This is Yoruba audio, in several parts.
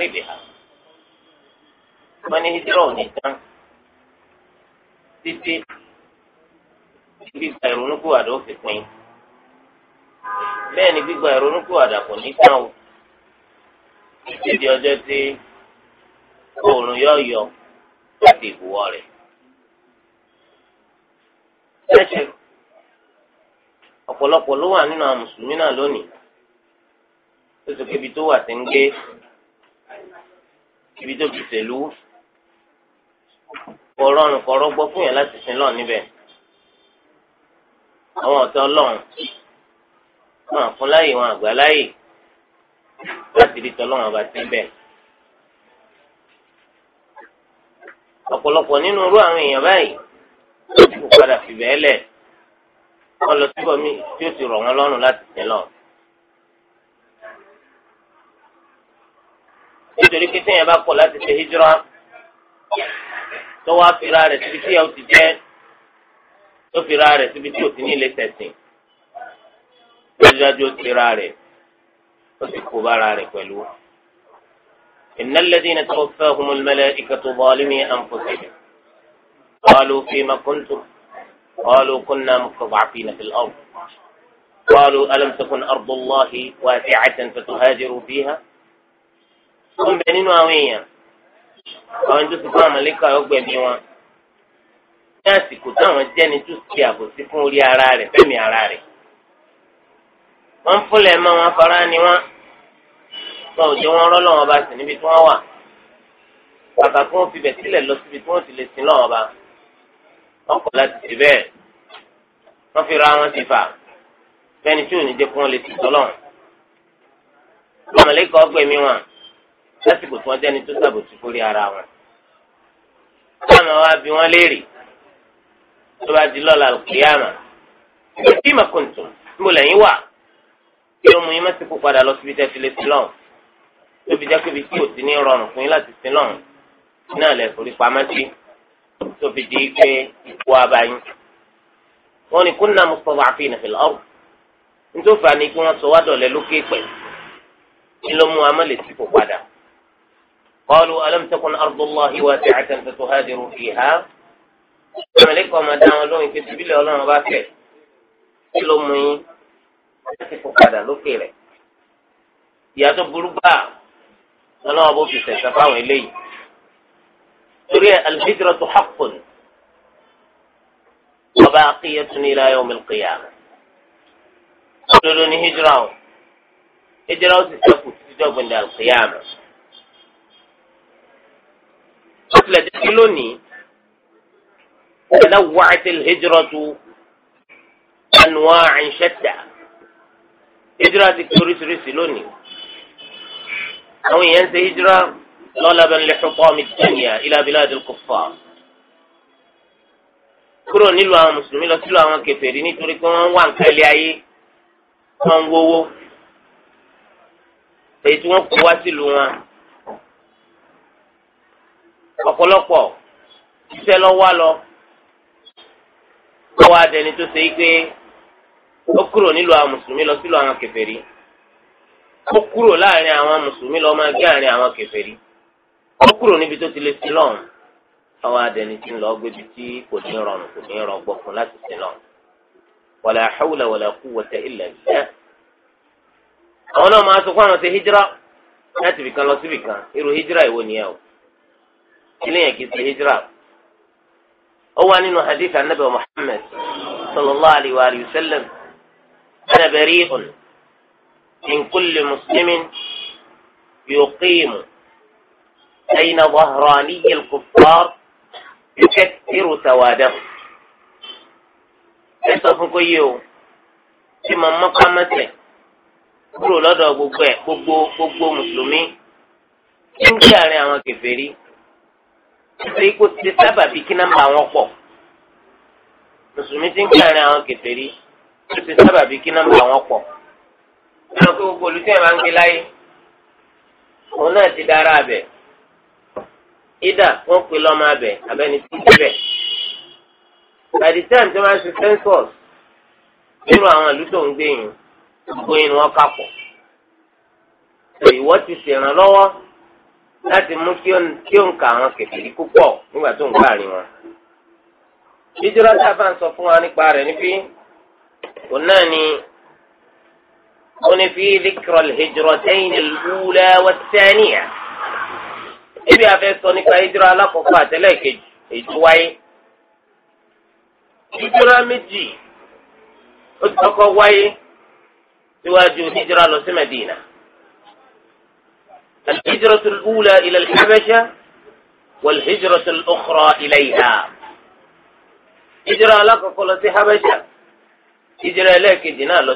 مغربها wọ́n ní hijira ò ní tán títí gbígba ìrònúkúwàdà ó fi pin bẹ́ẹ̀ ni gbígba ìrònúkúwàdà kò ní tán o títí di ọjọ́ ló wà nínú àwọn mùsùlùmí náà lónìí sì kébi tó ibi tó ti ṣèlú kò rọrùn kò rọgbọ fún yàn láti sin lọ́ọ̀ níbẹ̀ àwọn ọ̀tọ́ lọ́hùn wọn àfún láyè wọn àgbà láyè láti rí tọ́lọ́hùn ọba sí bẹ́ẹ̀. ọ̀pọ̀lọpọ̀ nínú irú àwọn èèyàn báyìí ló ti padà fìbẹ́ lẹ̀ wọ́n lọ síbọ̀ mí tí ó ti rọ̀ wọ́n lọ́rùn láti sin lọ́ọ̀. nítorí pé téèyàn bá kọ̀ láti ṣe hijira tó wá fira rẹ̀ síbi tí yàwó ti rẹ̀ síbi tí ò ti tó fira rẹ̀ síbi tí òsì ní ilé tẹ̀sìn dájúdájú ó ti fira rẹ̀ ó sì kó bára rẹ̀ pẹ̀lú. إن الذين توفاهم الملائكة ظالمي أنفسهم قالوا فيما كنتم قالوا كنا مستضعفين في الأرض قالوا ألم تكن أرض الله واسعة فتهاجروا فيها ó ń bẹ nínú àwọn èèyàn àwọn tó ti fún àmàlẹ́kà ọgbẹ̀mí wọn ní àsìkò táwọn jẹ́ni tó ti àbòsí fún orí ara rẹ̀ fẹ́mi ara rẹ̀ wọ́n ń fúnlẹ̀ mọ́ wọn fara ni wọ́n sọ òjò wọn rọ́ lọ́wọ́ bá sí níbi tí wọ́n wà kàkà kí wọ́n fi bẹ̀ sílẹ̀ lọ síbi tí wọ́n ti lè sin lọ́wọ́ bá wọ́n kọ̀ láti ṣe bẹ́ẹ̀ wọ́n fi ra wọn ti fà fẹ́ni tí ò ní jẹ́ kí wọ́n lè ti tọ́lọ̀ àmàlẹ́kà ọgbẹ̀mí wọn lásìkò tí wọ́n jẹ́ni tó ṣàbòsí fórí ara wọn. Táwọn wa bi wọ́n léèrè tó bá di lọ́la kìíyàmà. Bí màkùntùn níbo lẹ́yìn wà? Kí ló mú yín má ti kó padà lọ síbi tẹ́tí lé sílọ̀n? Tóbi jẹ́ pé ibi tí ò ti ní rọrùn fún yín láti sílọ̀n náà lẹ̀ forí pamọ́ sí. Tóbi di pé ikú abayín. Wọ́n ní kúnnà mustada'afina fil ard. Nítòfà ni kí wọ́n sọ wá lókè pẹ̀. Kí ló mú amọ̀ lè ti padà? قالوا ألم تكن أرض الله واسعة فتهاجروا فيها ملك وما دام لون في سبيل الله ما بعث كل من كذا هذا لكيله يا تو بروبا أنا أبو في سفاه إلي سورة الهجرة حق وباقية إلى يوم القيامة قلوني هجرة هجرة تستفوت تجوب إلى القيامة tó tilẹ̀ jẹ́ kí lónìí تنوعت الهجرة أنواع شتى هجرة تكتوريس رسلوني أو ينسى هجرة طلبا لحطام الدنيا إلى بلاد الكفار kúrò nílùú àwọn mùsùlùmí lọ sílùú àwọn kèfèrí nítorí pé wọ́n wà nǹkan ilé ayé wọ́n ń wówó èyí tí wọ́n kó wá sílùú wọn ọ̀pọ̀lọpọ̀ iṣẹ́ lọ wá lọ lọ́wọ́ adẹni tó ṣe pé ó kúrò nílùú àwọn mùsùlùmí lọ sílùú àwọn kèfèrí ó kúrò láàrin àwọn mùsùlùmí lọ máa gbé àárín àwọn kèfèrí ó kúrò níbi tó ti lè sí lọ́run lọ gbébi tí kò rọ láti sí àwọn náà máa eléyàn kì í ṣe hijira ó wà nínú hadith anabi muhammed sallallahu alayhi wa alayhi wa sallam ana bari'un min kulli muslimin yuqimu bayna dhahraniyi al-kuffar yukattiru sawadahu ẹ sọ fún kó yé o tí mo mọ kámẹsẹ kúrò lọ́dọ̀ gbogbo ẹ gbogbo gbogbo mùsùlùmí tí ń kí àárín àwọn kèfèrí. nítorí kó ti sábà bí kí nọ́mbà wọn pọ̀ mùsùlùmí ti ń kẹrin àwọn kèfèrí kó ti sábà bí kí nọ́mbà wọn pọ̀ nínú pé gbogbo olùsẹ́yìn máa ń gbé láyé òun náà ti dára abẹ ìdá wọn pe lọ́mọ abẹ abẹni tí ń bẹ̀ by the time tí wọ́n máa ṣe census nínú àwọn ìlú tó ń gbé yìí gbogbo yìí ni wọ́n kà pọ̀ ìwọ ti ṣèrànlọ́wọ́. láti mú kí àwọn nígbà tó ń a bá ń sọ fún wa nípa rẹ̀ ní fi òun náà ni ó ní fi dhikrul hijratayn al-ula wat sọ nípa alákọ̀ọ́kọ́ wáyé. méjì ó ti الهجرة الأولى إلى الحبشة والهجرة الأخرى إليها هجرة لك قلت حبشة هجرة لك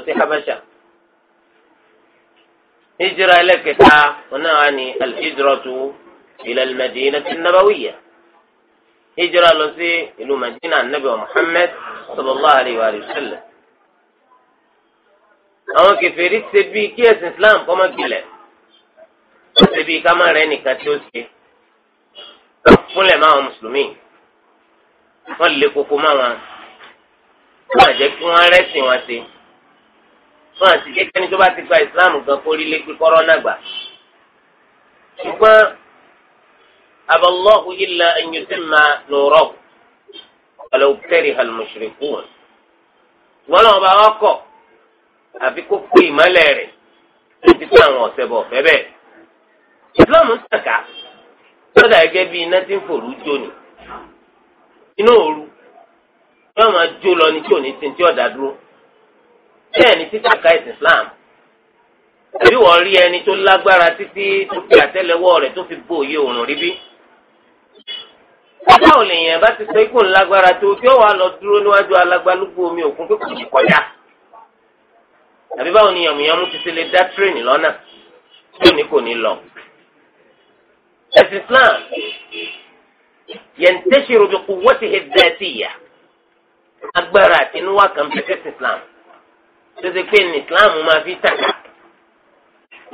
في حبشة هجرة لك تا ونعني الهجرة إلى المدينة النبوية هجرة لسي إلى مدينة النبي محمد صلى الله عليه وآله وسلم أما كفريت سبي كيس إسلام كما قلت ó ti bí kámá rẹ nìkan tí ó ṣe fúnlẹ̀ máa wọn mùsùlùmí wọ́n lè koko máa wọn wọ́n àjẹ́ kí wọ́n rẹ́sìn wọn ṣe wọ́n àti jẹ́ kẹ́ni tó bá ti gba ìsìláàmù gan kó rí lépè kọ́rọ́ náà gbà. ṣùgbọ́n abalọ́hu illa an yutimma nurahu walaw kariha al-mushrikun wọ́n náà bá wọ́n àfi kó pé ìmọ̀lẹ̀ rẹ̀ títí táwọn ọ̀sẹ̀ bọ̀ fẹ́ bẹ́ẹ̀. islam ń tàkà lọ́dà gẹ́gẹ́ bí iná tí ń fòrú jó ni inú òru yóò máa jó lọ ní tí ò ti tí ọ̀dà dúró bẹ́ẹ̀ ni títà ká ẹ̀sìn islam àbí wọ́n rí ẹni tó lágbára títí tó fi àtẹ́lẹwọ́ rẹ̀ tó fi bo oye orun rí bí. báwo lèèyàn bá ti sọ ikú ńlágbára tó tí ó wà lọ dúró níwájú alágbálúgbó omi òkun pé kò ní kọjá àbí báwo ni yàmùyàmù ti ṣe lè dá tírèènì lọ́nà tí ò ní kò ní lọ. ẹ̀sìn Islam yantashiru bi quwwatihi adh-dhatiyya agbára àtinúwá kan bẹ fẹsẹ̀ Islam tó ṣe pé ní Islam máa fi tàkà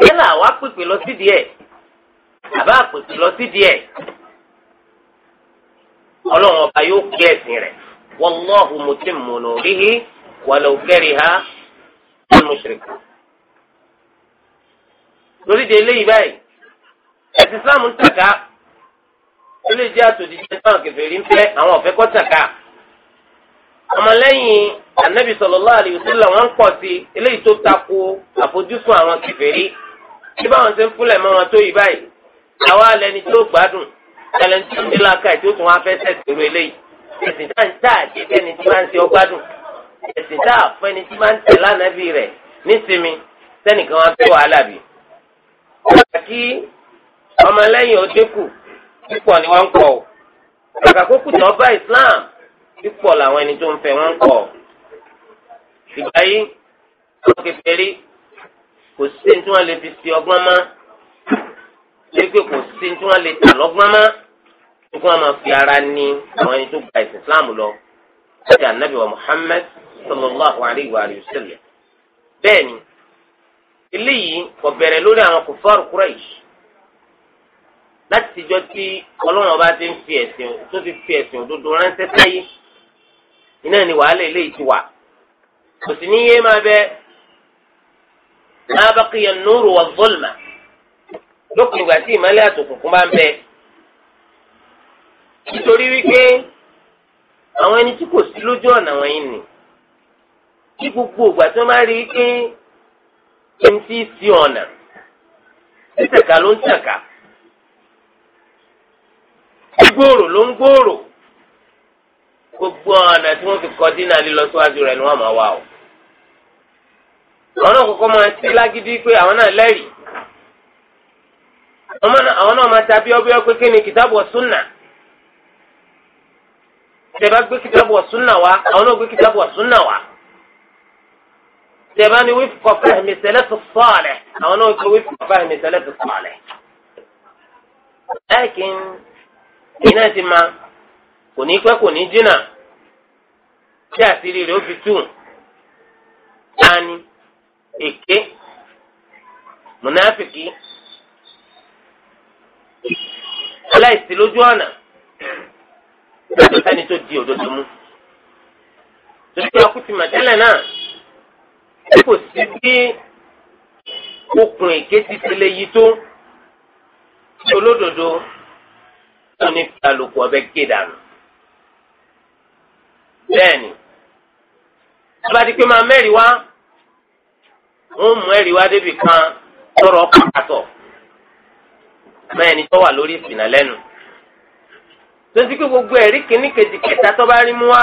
yálà àwa pèpè lọ sí díẹ̀ àbá pèpè lọ sí díẹ̀ ọlọ́run ọba yóò kí ẹ̀sìn rẹ̀ wallahu mutimmu nurihi walau kariha al-mushrikun. lórí de eléyìí báyìí ẹ̀sìn islam ń tàka ó lè jẹ́ àtòjíṣẹ́ táwọn kèfèrí ń fẹ́ àwọn ọ̀fẹ́ kọ́ tàka ọmọlẹ́yìn anabi sallallahu alaihi wasallam wọ́n ń pọ̀ sí eléyìí tó tako àfojúsùn àwọn kèfèrí bí báwọn ṣe ń fúnlẹ̀ mọ́ wọn tó yìí báyìí àwa lẹni tó gbádùn ẹlẹni tó ní làákàyè tó tún wá fẹ́ sẹ̀sìrò eléyìí ẹ̀sìn tá ń tà àti ẹni tí máa ń ṣe ọgbádùn ẹ̀sìn tá àfọ ẹni tí máa ń tẹ̀ lánàbí rẹ̀ nísìmi sẹ́nìkan wá fẹ́ wàhálà bì. ọmọlẹ́yìn ó dínkù pípọ̀ ni wọ́n ń pọ̀ Islam pípọ̀ làwọn ẹni tó ń fẹ́ wọ́n ń pọ̀ ìgbà yìí wọ́n kékeré kò sí tí wọ́n lè fi ṣe ọgbọ́n mọ́ lè tà lọ́gbọ́n Islam lọ wa sallallahu alayhi wa sallam bẹ́ẹ̀ ni kò bẹ̀rẹ̀ lórí àwọn láti ìjọ tí ọlọ́run ọba ti ń fi ẹ̀sìn tó ti fi ẹ̀sìn òdodo ránṣẹ́ sáyé iná ni wàhálà eléyìí ti wà kò sí ní yé máa bẹ máa bá kíyàn nóòrò wà zolma lópin ìgbà tí ìmọ́lẹ̀ àtòkùnkùn bá ń bẹ nítorí wípé àwọn ẹni tí kò sí lójú ọ̀nà wọ̀nyí nì kí gbogbo ìgbà tí wọ́n bá rí i pé ẹni tí í sí ọ̀nà títẹ̀ka ló ń tẹ̀ka. gbòòrò ló ń gbòòrò gbogbo ọ̀nà tí wọ́n fi kọ dínà lílọ síwájú rẹ̀ ni wọ́n máa wà o. àwọn náà kọ́kọ́ máa ti lágídí pé àwọn náà lẹ́rìí àwọn náà máa ta bí ọbẹ̀ ọpẹ́ kí ni kìtàbù gbé kìtàbù wá àwọn náà èyí náà ti máa kò ní pẹ́ kò ní jìnnà tí àṣírí rẹ̀ ó fi tù tani èké mùnáfìkì aláìsí lójú ọ̀nà ẹni tó di òdodo mú torí ọkú ti màtẹ́lẹ̀ náà kò sí bí okùn èké ti tẹ̀lé yìí tó olódodo náà ní kálukú ọbẹ̀ ké dànù. bẹ́ẹ̀ni ọba ti pé máa mẹ́rin wá wọ́n mú ẹ̀rí wá débi kan tọrọ pàtàkọ̀ mẹ́rin ni tó wà lórí ìsìnà lẹ́nu. tó ti pé gbogbo ẹ̀rí kìíní kejì kẹta tó bá rí mú wá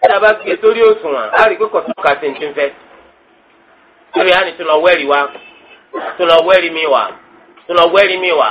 tába gbé e sórí òṣùwọ̀n á rí i pé kò sí ní ti ń fẹ́. lórí àná tó lọ wẹ́rìí wá tó lọ wẹ́rìí mi wá tó lọ wẹ́rìí mi wá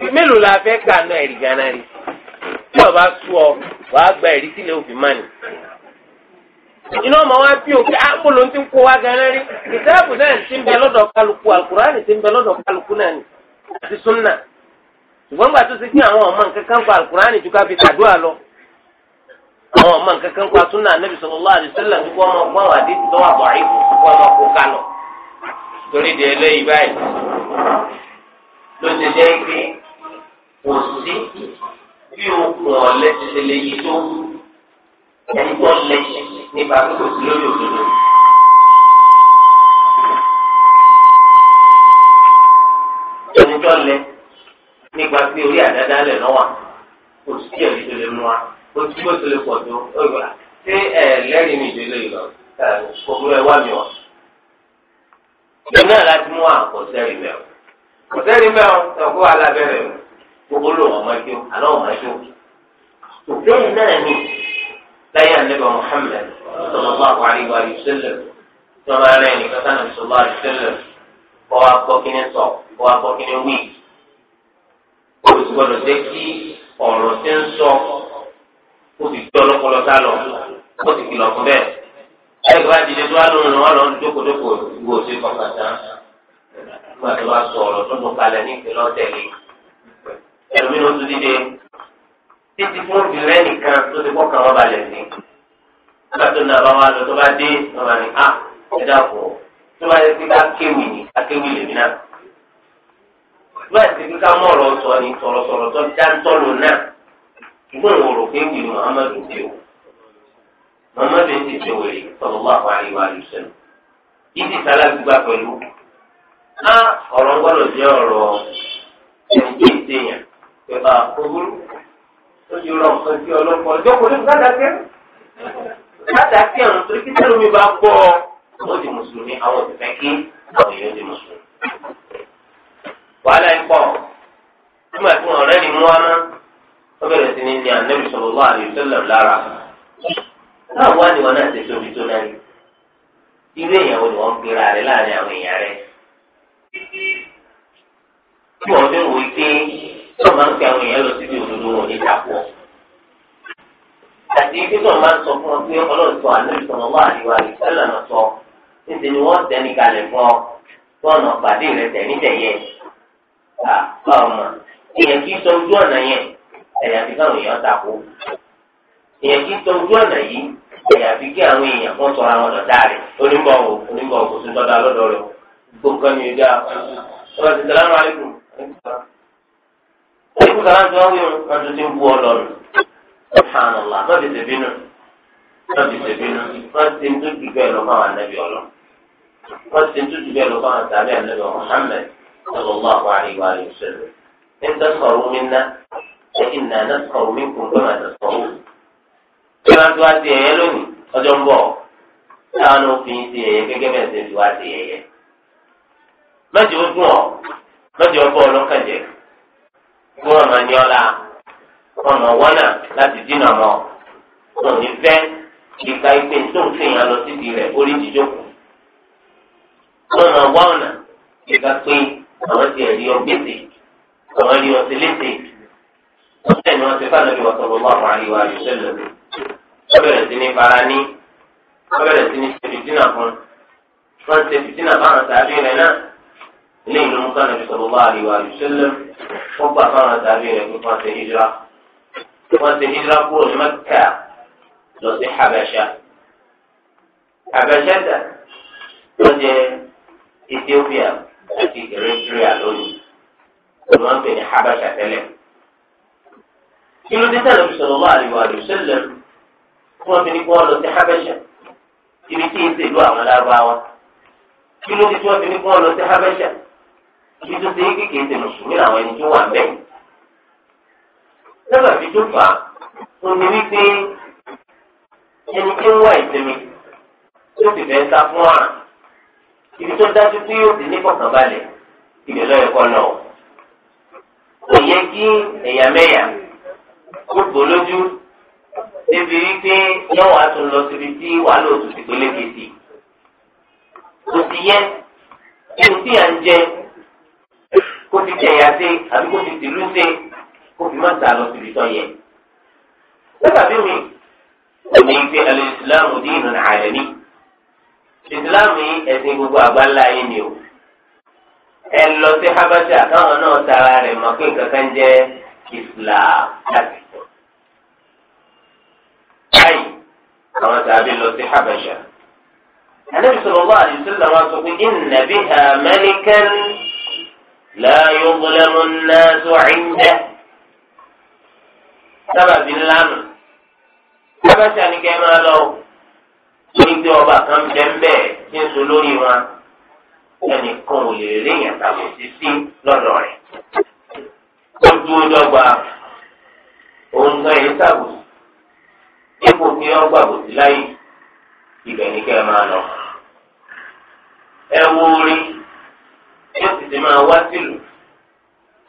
mélòó la fẹ́ gbà náà ẹ̀rí gánà rí tí ọba sú ọ wàá gba ẹ̀rí sílẹ̀ òfin mánì iná ọmọ wa bí òkè ápòlò ah, ti ń kó wa gánà rí ìtẹ́ẹ̀bù náà ti ń bẹ lọ́dọ̀ kálukú alukurani ti ń bẹ lọ́dọ̀ kálukú náà ni àti súnà ṣùgbọ́n gbà tó ti dín àwọn ọmọ nǹkan kan kó alukurani ju ká fi tàdúrà lọ àwọn ọmọ nǹkan kan kó atúnà anábì sallallahu alaihi wasallam ju kò sí bí okùn ọ̀lẹ́ ti ṣe lè yí tó ẹni tó lẹ nípa pé kò sí lórí òdodo. ẹni tó lẹ nípa pé orí àdáda lẹ̀ náà wà kò sí ẹ̀rí tó lè mú wa kò sí bó tó lè pọ̀ tó ó yọ la ṣé ẹ lẹ́rìí mi ìdílé yìí lọ kò burú wá mi wọ̀. ìgbẹ́ náà láti mú àkọsẹ́rì mẹ́wọ̀ kọsẹ́rì alábẹ́rẹ́ mi gbogbo ló wọn máa jó àlọ́ wọn máa jó. lẹ́yìn náà ni láyé ànábà Muhammad sallallahu alaihi wa sallam tí wọ́n bá rẹ̀ nìkan sáà nàbì sallallahu alaihi wa sallam kọ́ wa gbọ́ kí ni sọ kọ́ wa gbọ́ kí ni wí. olùsí gbọ́dọ̀ jẹ́ kí ọ̀rọ̀ tí ń sọ kó fi gbé ọlọ́pọlọ sá lọ kó sì kìlọ̀ fún bẹ́ẹ̀. ayé kí wọ́n á dìde náà wọ́n dókòdókò ìwòsí kọ̀ọ̀kan tán. nígbà tó tó ẹlòmínú tó dìde títí fún obìnrin nìkan tó ti kọ́kàn wọn balẹ̀ sí. nígbà tó nà bá wa lọ tó bá dé wọn bá ní à ẹ dàpọ̀ tó bá yẹ kí ká kéwì ní akéwì lèmi náà. nígbà tí kí ká mọ̀ ọ̀rọ̀ sọ ni sọ̀rọ̀sọ̀rọ̀ tó dáńtọ́ lò náà ṣùgbọ́n òun rò pé wì Muhammadu dé o Muhammadu ti dé wèrè sallallahu alaihi wa sallam ìdí sálá gbígbà pẹ̀lú. ná ọ̀rọ̀ gbọ́dọ̀ jẹ́ ọ̀rọ̀ ìgbà kúrú lójú rọ ojú ọlọ́pàá ọjọ́ kò ní kádàkẹ́ kádàkẹ́ ọ̀run torí kí tẹ́lómi bá gbọ́ ó di mùsùlùmí àwọn òṣìṣẹ́ kí àwọn èèyàn di mùsùlùmí. wàhálà ń pọ̀ nígbà tí wọn ọ̀rẹ́ ni mú wọn ó bẹ̀rẹ̀ sí ní ní ànábì sallallahu alaihi wasallam lára náà wá ní wọn náà ṣe tóbi tó náà irú èèyàn wo ni wọn gbéra rẹ láàrin àwọn èèyàn rẹ tí wọn fi ń wo ike tí wọn máa ń pe àwọn èèyàn lọ síbi òdodo wọn níta pọ̀ àti ibi tí wọn máa ń sọ fún ọ pé ọlọ́run sọ àlọ́ ìsọ̀rọ̀ wà àríwá ìsẹ́lẹ̀ náà sọ níṣẹ́ ni wọ́n tẹ́ni kalẹ̀ fún ọ tọ́nà pàdé rẹ tẹ̀mítẹ̀yẹ ọmọ èèyàn kì í sọ ojú ọ̀nà yẹn ẹ̀yà fi káwọn èèyàn tako èèyàn kì í sọ ojú ọ̀nà yìí ẹ̀yà fi kí àwọn èèyàn kan sọ àwọn ọ̀dọ̀ dáa rẹ̀ onígbọ̀wọ̀ onígbọ̀wọ̀ kò sí tọ́da lọ́dọ̀ rẹ̀ gbogbo kan ní ojú àwọn ọ̀sìn òkú kan láti wọ́n wí wọn ń bu ọlọ́run subhanallah lọ́ọ́ ti tẹ̀bínú lọ́ọ́ ti tẹ̀bínú wọ́n ti ń tún jù bẹ́ẹ̀ lọ fáwọn anábì ọlọ́ wọ́n ti ń tún jù bẹ́ẹ̀ lọ fáwọn tàbí anábì Muhammad sallallahu alayhi wa sallam ní tasọ̀rọ̀ mi ná ẹ̀yìn náà náà sọ̀rọ̀ mi kún fún àtàsọ̀rọ̀ kí wọ́n ti wá sí ẹ̀yẹ lónìí ọjọ́ ń bọ̀ táwọn òfin sí gẹ́gẹ́ bẹ́ẹ̀ kí wọ́n máa yọ́la wọ́n máa wọ́nà láti dínà mọ́ wọn ò ní fẹ́ ìka ìpè tó ń fìyàn lọ síbi rẹ̀ orí jíjókòó wọ́n máa wá ọ̀nà ìka pé àwọn ti ẹ̀rí ọgbẹ́sẹ̀ àwọn ẹ̀rí ọ̀sẹ̀ lẹ́sẹ̀ ọ̀sẹ̀ ni wọ́n ti fà lórí wọ́n sọ̀rọ̀ wọ́n àwọn àríwá àdìsẹ́lẹ̀ wọ́n bẹ̀rẹ̀ sí ní fara ní wọ́n bẹ̀rẹ̀ sí ní ṣe fìtínà fún wọ́n ṣe fìtínà fáwọn sàbí rẹ̀ náà eléyìí ló ń sọ nàbí sọ̀rọ̀ bá àríwá àdìsẹ́lẹ̀ wọ́n gbà fáwọn àtàbí rẹ̀ pé wọ́n ṣe hijira wọ́n ṣe hijira kúrò ní mẹ́kà lọ sí habẹ́ṣà habẹ́ṣà dà ló jẹ́ ethiopia àti eritrea lónìí ló ń pè ní habẹ́ṣà tẹ́lẹ̀ kí ló dé sọ̀rọ̀ sọ̀rọ̀ bá àríwá àdìsẹ́lẹ̀ wọ́n fi ní kí wọ́n lọ sí habẹ́ṣà ibi tí ìṣèlú ibi tó ṣe é kéèké ṣe mùsùlùmí àwọn ẹni tó wà bẹ́ẹ̀. sábà fi tó fà ó ní wípé ẹni tí ń wá ìsinmi tó sì fẹ́ sá fún àrùn ibi tó dájú pé yóò ti ní kọ̀kànbalẹ̀ ibẹ̀ lọ́yẹ̀ kọ́ náà. kò yẹ kí ẹ̀yàmẹ̀yà kó bò lójú débi wípé yóò wá tún lọ síbi tí wàhálà òtún ti pélékè sí. kò sì yẹ kí n tí à ń jẹ kó ti tẹ̀yà sí àbí kó ti tìlú sí kó fi má sàlọ síbi tó yẹ. sábàbí mi ẹ̀mí fi al-Islamu dínun alami ìsìláàmù yìí ẹ̀sìn gbogbo àgbáńlá yìí ni o. ẹ lọ sí habasha káwọn náà tara rẹ̀ mọ̀ pé kankan jẹ́ islam báyìí àwọn tàbí lọ sí habasha. النبي صلى الله عليه وسلم قال إن بها ملكا لا يظلم الناس عنده sábàbí ńlá nù sábàtì àníkẹ́ máa lọ ní pé ọba kan bẹ́ẹ̀ tí ń so lórí wọn ẹnìkan ò lè rí èèyàn tàbí títí lọ́dọ̀ rẹ̀ ó dúró dọ́gba òun gan èyí sàbòsí ipò kí ọgbà bòsí láyé ibẹ̀ ní kẹ́ máa lọ. ṣe máa wá sílùú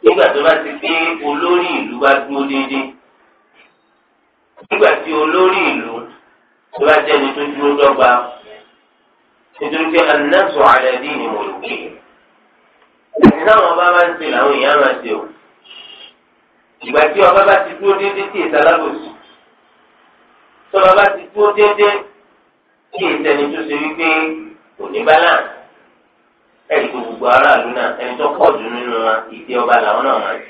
nígbà tó bá ti pé olórí ìlú bá dúró déédéé nígbà tí olórí ìlú tó bá jẹ́ ẹni tó dúró dọ́gba nítorí pé anáṣọ àlẹ́dí ni mo lùkì ẹ̀sìn táwọn ọba máa ń ṣe làwọn èèyàn máa ṣe o ìgbà tí ọba bá ti dúró déédéé tí èsì alábòsí tọ́ba bá ti dúró déédéé tí èsì ẹni tó ṣe wípé kò ní balance ẹ̀rí pé gbogbo aráàlú náà ẹni tó pọ̀ jù nínú wa ìdí ọba làwọn náà máa jù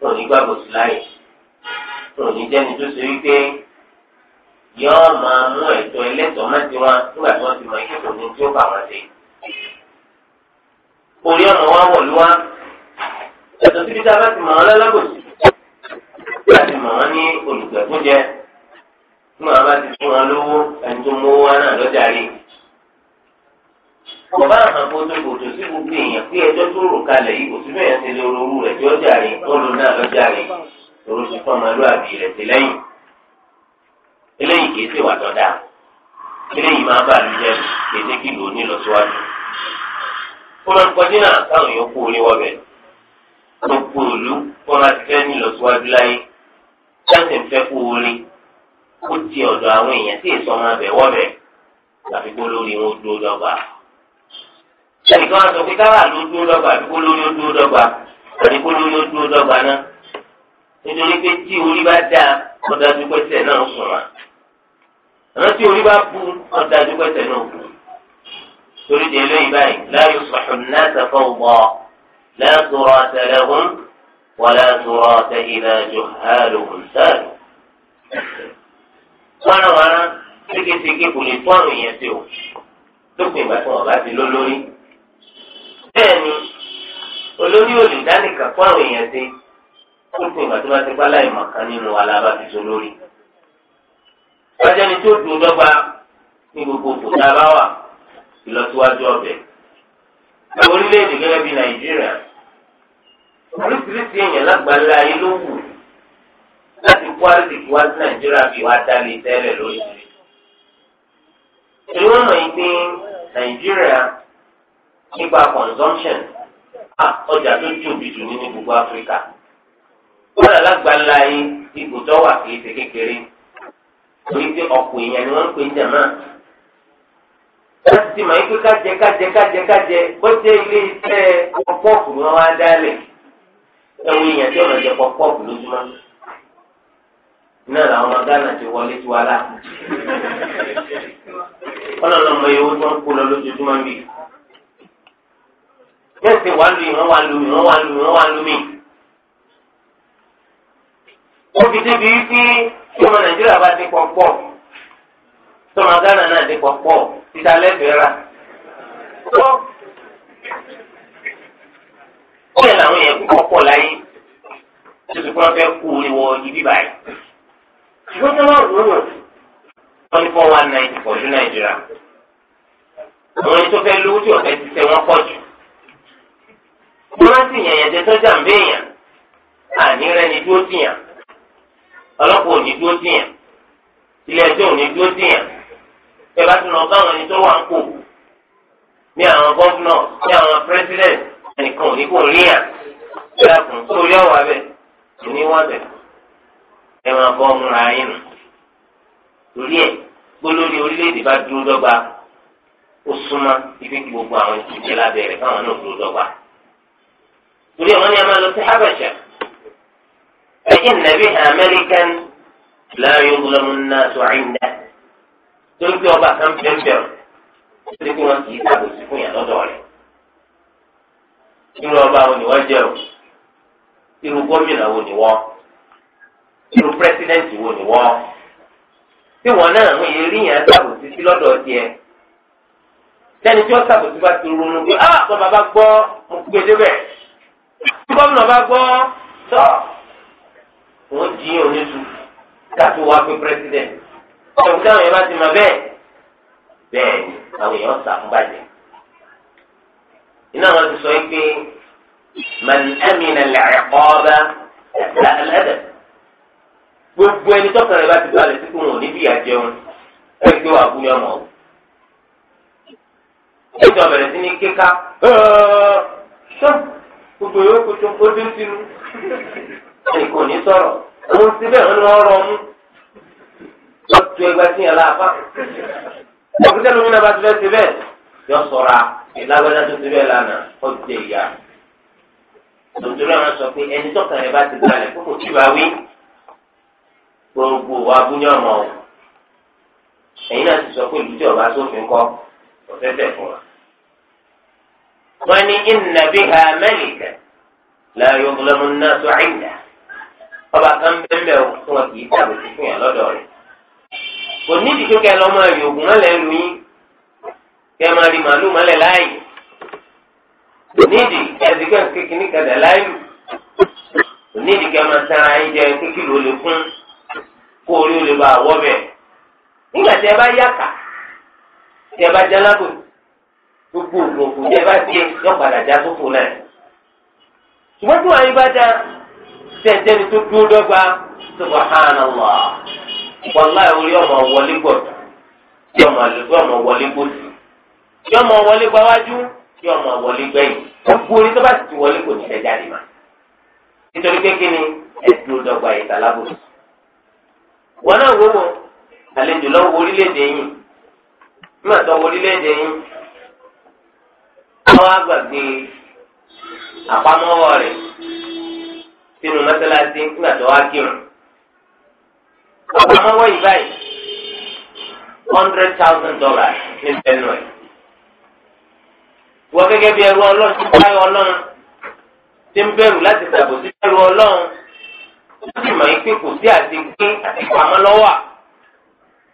tó ní gbàgbọ́ sí láyè tó ní jẹ́ni tó ṣe wípé yọ́ọ́ máa mú ẹ̀tọ́ ẹlẹ́tọ̀ọ́ má ti wọn nígbà tí wọ́n ti mọ ìkẹ́kọ̀ọ́ ní tí ó bá wọn ṣe. orí ọ̀nà wa wọ̀ lúwa ẹ̀tọ́ síbi tá a bá ti mọ̀ wọn lálábòsí bá ti mọ̀ wọn ní olùgbẹ̀kúnjẹ fún àwọn bá ti fún wọn lówó ẹni tó mówó wá náà lọ́jà rí ọba àwọn kòtòkòtò sí gbogbo èèyàn pé ẹjọ́ tó rò kalẹ̀ yìí kò sí bẹ́ẹ̀ ṣe lè ronú rẹ̀ tí ó jàre ọlọ náà lọ jàre lóró sí fún ọmọlúwàbí rẹ̀ sí lẹ́yìn eléyìí kìí ṣe wà tọ́da eléyìí máa bá mi jẹ kéde kí lòó ní lọ́síwájú. ó máa ń kọjú náà káwọn èèyàn kú orí wọbẹ̀ gbogbo òlu kó máa ti fẹ́ ní láyé jáde ń fẹ́ kú orí kó ti ọ̀dọ̀ àwọn èèyàn tí ṣèkí wọn sọ pé káwá ló dúró dọ́gba àdúgbò lórí ó dúró dọ́gba àdúgbò lórí ó dúró dọ́gba náà nítorí pé tí orí bá dáa ọ̀dájú pẹ̀sẹ̀ náà ń sùn wá àwọn tí orí bá bu ọ̀dájú pẹ̀sẹ̀ náà bu torí di eléyìí báyìí láàyò sọ̀hún náà sàfọ̀ wọ̀ lẹ́sọ̀rọ̀ àtẹlẹ́hùn wàlẹ́sọ̀rọ̀ àtẹ̀yìnàjò hàlùhùn sáàlù. wọ́n náà wọ́n á ségesège kò lópin ìgbà tí wọ́n bá ti lólórí. bẹ́ẹ̀ ni olórí olùdánìkan kó àwọn èèyàn ṣe kó fún ìgbà tó bá ti pa láì nínú gbogbo òkúta bá wà ìlọsíwájú ọbẹ̀. orílẹ̀-èdè gẹ́gẹ́ bí nàìjíríà oríṣiríṣi èèyàn lágbàlá ayé ló wù láti kó àrísìkí wá sí nàìjíríà bí dálé tẹ́lẹ̀ ìwọ́n nípa consumption ah, ọjà tó tóbi jù ní ní gbogbo áfíríkà wọ́n alágbàlá yín ipò tó wà kì í ṣe kékeré torí pé ọ̀pọ̀ èèyàn ni wọ́n ń pè ń jàmá láti mọ̀ yín pé kájẹ kájẹ kájẹ kájẹ ó jẹ́ ilé iṣẹ́ pọ́pọ́ọ̀pù ni wọ́n wá dálẹ̀ ẹ̀wọ̀n èèyàn tí ọ̀nà jẹ pọ́pọ́ọ̀pù lójúmọ́ náà làwọn ọmọ Ghana ti wọlé tiwa lá ọlọ́run ọmọ yòówó tó ń kó lọ lójoojúmọ́ bíi yẹ́sì wà lu ìran wà lu ìran wà lu ìran wà lu mi. ó fi débi wípé tí ọmọ nàìjíríà bá dín pọ̀pọ̀ tí ọmọ ghana náà dín pọ̀pọ̀ títa lẹ́fẹ̀ẹ́ rà. ó yẹ làwọn yẹn kú pọ̀pọ̀ láyé tuntun kí wọ́n fẹ́ kú wọ ibi báyìí. ṣùgbọ́n tí wọ́n wò ó wọ́n ní four one nine four two nàìjíríà. àwọn ẹni tó fẹ́ lówó tí ọ̀fẹ́ ti tẹ wọ́n pọ̀ jù bí wọ́n sì yẹ̀yẹ̀ jẹ sọ́jà ń béèyàn àní rẹ ni dúró tìyàn ọlọ́pàá ò ní dúró tìyàn ilé ẹjọ́ ò ní dúró tìyàn bẹ́ẹ̀ bá tún lọ bá àwọn ẹni tó wà ń kó ní àwọn gọ́fúnọ̀ ní àwọn pírẹ́sídẹ̀ǹt ẹnìkan ò ní kó rí yàn bẹ́ẹ̀ kùn sórí ọ̀wà bẹ̀ ìní wọ́n bẹ̀ ẹ máa bọ́ ọmúra yín nù torí ẹ̀ gbólórí orílẹ̀-èdè bá dúró dọ́gba ó súnmọ́ ibi gbogbo àwọn ìtújẹ́ lábẹ́ rẹ̀ káwọn náà dúró dọ́gba torí àwọn ní a máa lọ sí habasha ẹ̀yìn nàbí amẹ́ríkán láàyò lọ́mú náà tó àyíndá torí pé ọba kan pẹ́ẹ́pẹ́ẹ́ torí pé wọ́n kì í sábò sí fún yàrá lọ́dọ̀ rẹ̀ irú ọba wo ni wọ́n jẹ́ o irú gómìnà wo ni wọ́n irú pírẹsidẹ́ǹtì wo ni wọ́n tí wọ́n náà ń rí yàn sábò sí sí lọ́dọ̀ tiẹ̀ sẹ́ni tí wọ́n sábò sí bá ti ronú pé ah bọ́ bàbá gbọ́ mo gbé débẹ̀ tí gómìnà bá gbọ́ tọ́ òun jí oníṣu dàtú wá pé president ẹ̀wù táwọn yẹn bá ti mọ bẹ́ẹ̀ bẹ́ẹ̀ ni àwọn èèyàn sà fún bàjẹ́ iná wọn ti sọ pé man amina al-iqaba ẹ̀dá ẹlẹ́dẹ̀ gbogbo ẹni tọ́kàn rẹ̀ bá ti balẹ̀ sí fún wọn níbi ìyàjẹun ẹ̀ gbé wà fún yọmọ o ẹ̀jọ̀ bẹ̀rẹ̀ sí ní kíka ṣọ́ kòtò yóò kòtò kó dé sínú ẹnì kò ní sọ̀rọ̀ òun ti bẹ́ẹ̀ ń lọ rọ mú lọ́tù ẹgbẹ́ sí yẹn láàbá òkúta lómi náà bá ti fẹ́ ti bẹ́ẹ̀ yọ sọ̀ra ìlágbájá tó ti bẹ́ẹ̀ lánàá ó jẹ ìyá tòtòrò àwọn sọ pé ẹni tọ́ka rẹ̀ bá ti balẹ̀ kókò tí wàá wí gbogbo wa bú ní ọmọ o ẹ̀yin náà ti sọ pé ìlú tí ọba sófin kọ́ ọ̀fẹ́ bẹ̀ fún wa. wani inna biha malika la yuzlamu an-nasu ọba kan bẹ́ẹ̀ o tí wọ́n kì dàbò sí fún yàn lọ́dọ̀ rẹ̀ kò ní ìdíkó kẹ́ lọ́mọ yòògùn mọ́lẹ̀ lu yín kẹ́ máa rí màálù mọ́lẹ̀ láàyè kò ní ìdí ẹ̀dígbẹ́ kékeré kẹ̀dẹ̀ láàyè kò ní máa yín jẹ fún kó orí bá nígbà tí ẹ bá tí ẹ gbogbo ògùn ògùn jẹ bá tiẹ̀ yọ padà já sóko náà ṣùgbọ́n tí wàá yí bá dá tẹ̀sẹ̀ni tó dúró dọ́gba subhanallah wàláì orí ọmọ wọlé gbọ̀dọ̀ tí ọmọ ọmọ wọlé gbòsì tí ọmọ wọlé gbáwájú tí ọmọ wọlé gbẹ̀yìn gbogbo orí tó bá ti wọlé kò ní tẹ̀já lè má nítorí pé kí ni ẹ̀dúró dọ́gba ìtàlábòsì wọn náà wọ́wọ́ àlejò lọ́wọ́ orílẹ̀-èdè yìí nígbà tó wọ orílẹ̀-èdè yìí káwá gbàgbé àpamọ́wọ́ rẹ̀ sínú mọ́sálásí nígbà tó wá kírun. àpamọ́wọ́ yìí báyìí hundred thousand dollars ní bẹ́ẹ̀nù ẹ̀. wọ́n gẹ́gẹ́ bí ẹrú ọlọ́run ti báyọ̀ ọlọ́run ti ń bẹ̀rù láti tàbò sí ẹrú ọlọ́run tó sì mọ̀ pé kò sí àti gbé àti pamọ́ lọ́wọ́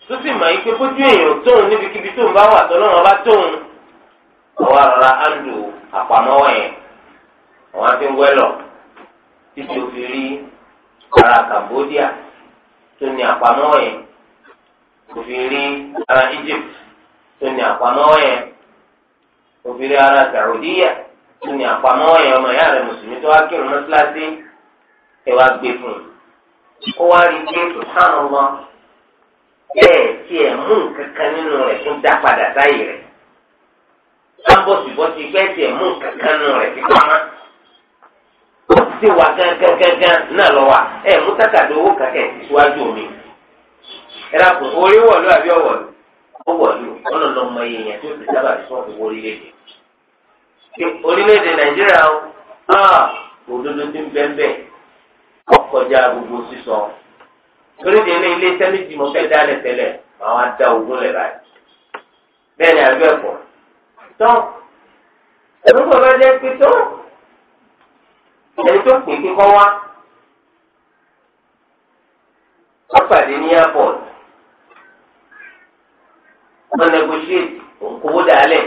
tó sì mọ̀ pé bójú èèyàn tóun níbikíbi tóun bá wà tọ́lọ́run ọba tóun àwọn ará àndù àpamọ́wọ́ yẹn àwọn afi ń wẹ́lọ̀ títí o fi rí ara Cambodia tó ní àpamọ́wọ́ yẹn o fi rí ara Egypt tó ní àpamọ́wọ́ yẹn o fi rí ara Saudiya tó ní àpamọ́wọ́ yẹn ọmọ ìyá rẹ̀ mùsùlùmí tó wá kírun mọ́sálásí ẹ wá gbé fún un ó wá rí pé sùhánù lọ bẹ́ẹ̀ tiẹ̀ mú nǹkan kan nínú rẹ̀ tó dá padà sáyé rẹ̀. bọ̀sibọ́sí bẹ́ẹ̀ tiẹ̀ mú kankan nù rẹ̀ ti pamọ́ ó ti ṣe wà gángangangan náà lọ wa ẹ mú tákàdé owó kàkẹ́ ti síwájú mi ẹ dàpọ̀ orí wọ̀lú àbí ọ̀wọ̀lú ọ̀wọ̀lú ọlọ́lọ́ mọ iye yẹn tó ti sábà orílẹ̀-èdè orílẹ̀-èdè nàìjíríà ó òdodo ti ń gbogbo sísọ ilé fẹ́ dálẹ̀ tẹ́lẹ̀ lẹ̀ báyìí bẹ́ẹ̀ ni ẹ̀kọ́ tán ẹ̀rú kò bá jẹ́ pé tó ẹni tó pè kí kọ́ wá ọ̀pàdé ní airport wọ́n negotiate òǹkówó dàálẹ̀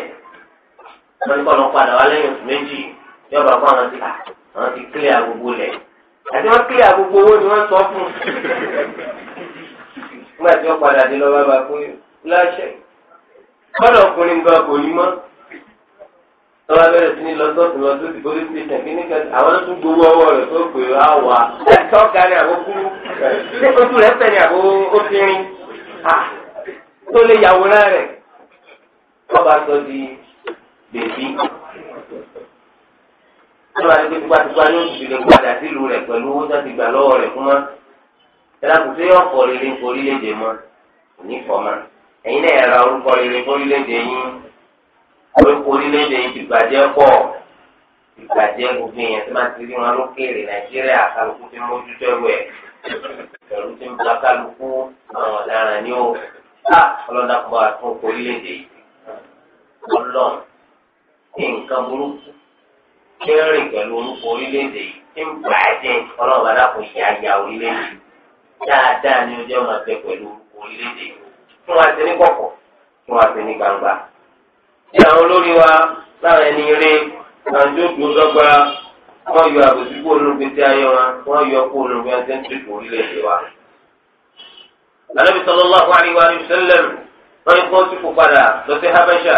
wọ́n ní kọ́ lọ́ padà wá lẹ́yìn oṣù méjì yọba kó àwọn ti àwọn ti clear gbogbo lẹ̀ àti wọ́n clear gbogbo owó ni wọ́n sọ fún un nígbà tí wọ́n padà dé lọ́wọ́ bá pé láṣẹ kọ́dọ̀ ọkùnrin gan kò ní mọ́ tọ́lá bẹ̀rẹ̀ sí ní lọ́sọ̀tún lọ sí ìbòrí sí ìtẹ̀kí ní kẹsì àwọn tó gbowó ọwọ́ rẹ̀ tó pè á wà ẹ̀ka ọ̀gá ni àbó kúrú ṣé ojú rẹ̀ fẹ̀ ni àbó ó ti rin tó lè yàwòrán rẹ̀ ọba sọ di bèbí tọ́lá ní pé tipátipá yóò sì lè padà sílùú rẹ̀ pẹ̀lú owó tó ti gbà lọ́wọ́ rẹ̀ fún wa ẹ̀dá kò sí ọ̀pọ̀ rere ń forí léde mọ́ òní fọ́ ma lóko orílẹ̀-èdè ìdìgbàjẹ́ pọ̀ ìgbàjẹ́ gbogbo èèyàn tí máa ti rí wọn lókèèrè nàìjíríà kálukú ti mójútó ẹrù ẹ̀ pẹ̀lú tí ń bá kálukú àwọn ọ̀daràn ní o ọlọ́dà pọ̀ àtún oko orílẹ̀-èdè yìí ọlọ́run kí nǹkan burúkú kí ń rìn pẹ̀lú orúkọ orílẹ̀-èdè yìí tí ń bàjẹ́ ọlọ́run bàdá kò yá ya orílẹ̀-èdè dáadáa ni ó jẹ́ ọmọ àgbẹ̀ pẹ̀lú orúkọ orílẹ̀-èdè yìí fún wa ti ní kọ̀kọ̀ fún wa ti àwọn olórí wa láwọn ẹni eré àwọn tó dùn yọ àbòsí nínú gbèsè ayé wa wọ́n yọ wa. sallallahu wọ́n kó Habasha.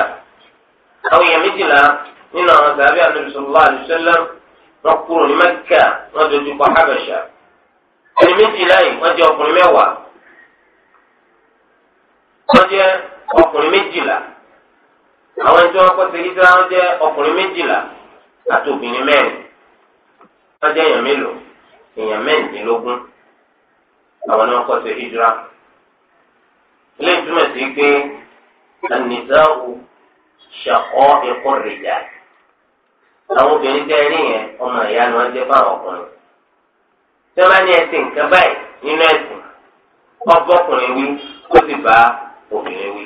Àwọn èèyàn méjìlá nínú àwọn sallallahu wọ́n kúrò ní Mẹ́kà wọ́n Habasha. Ẹni méjìlá yìí wọ́n jẹ́ ọkùnrin mẹ́wàá. Wọ́n àwọn tí wọ́n kọ́ sí hijira wọn jẹ́ ọkùnrin méjìlá àti obìnrin mẹ́rin wọ́n jẹ́ èèyàn mélòó èèyàn mẹ́rìndínlógún àwọn ni wọ́n kọ́ sí hijira. ilé ìtumọ̀ sí pé ànìsáwò ṣàkọ́ ẹ̀kọ́ rẹ̀ jà àwọn obìnrin tẹ́ ẹni yẹn ọmọ ìyá ni wọ́n jẹ́ fáwọn ọkùnrin. tí wọ́n bá ní ẹsìn nǹkan báyìí nínú ẹ̀sìn ọgbọ́kùnrin wí ó sì bá obìnrin wí.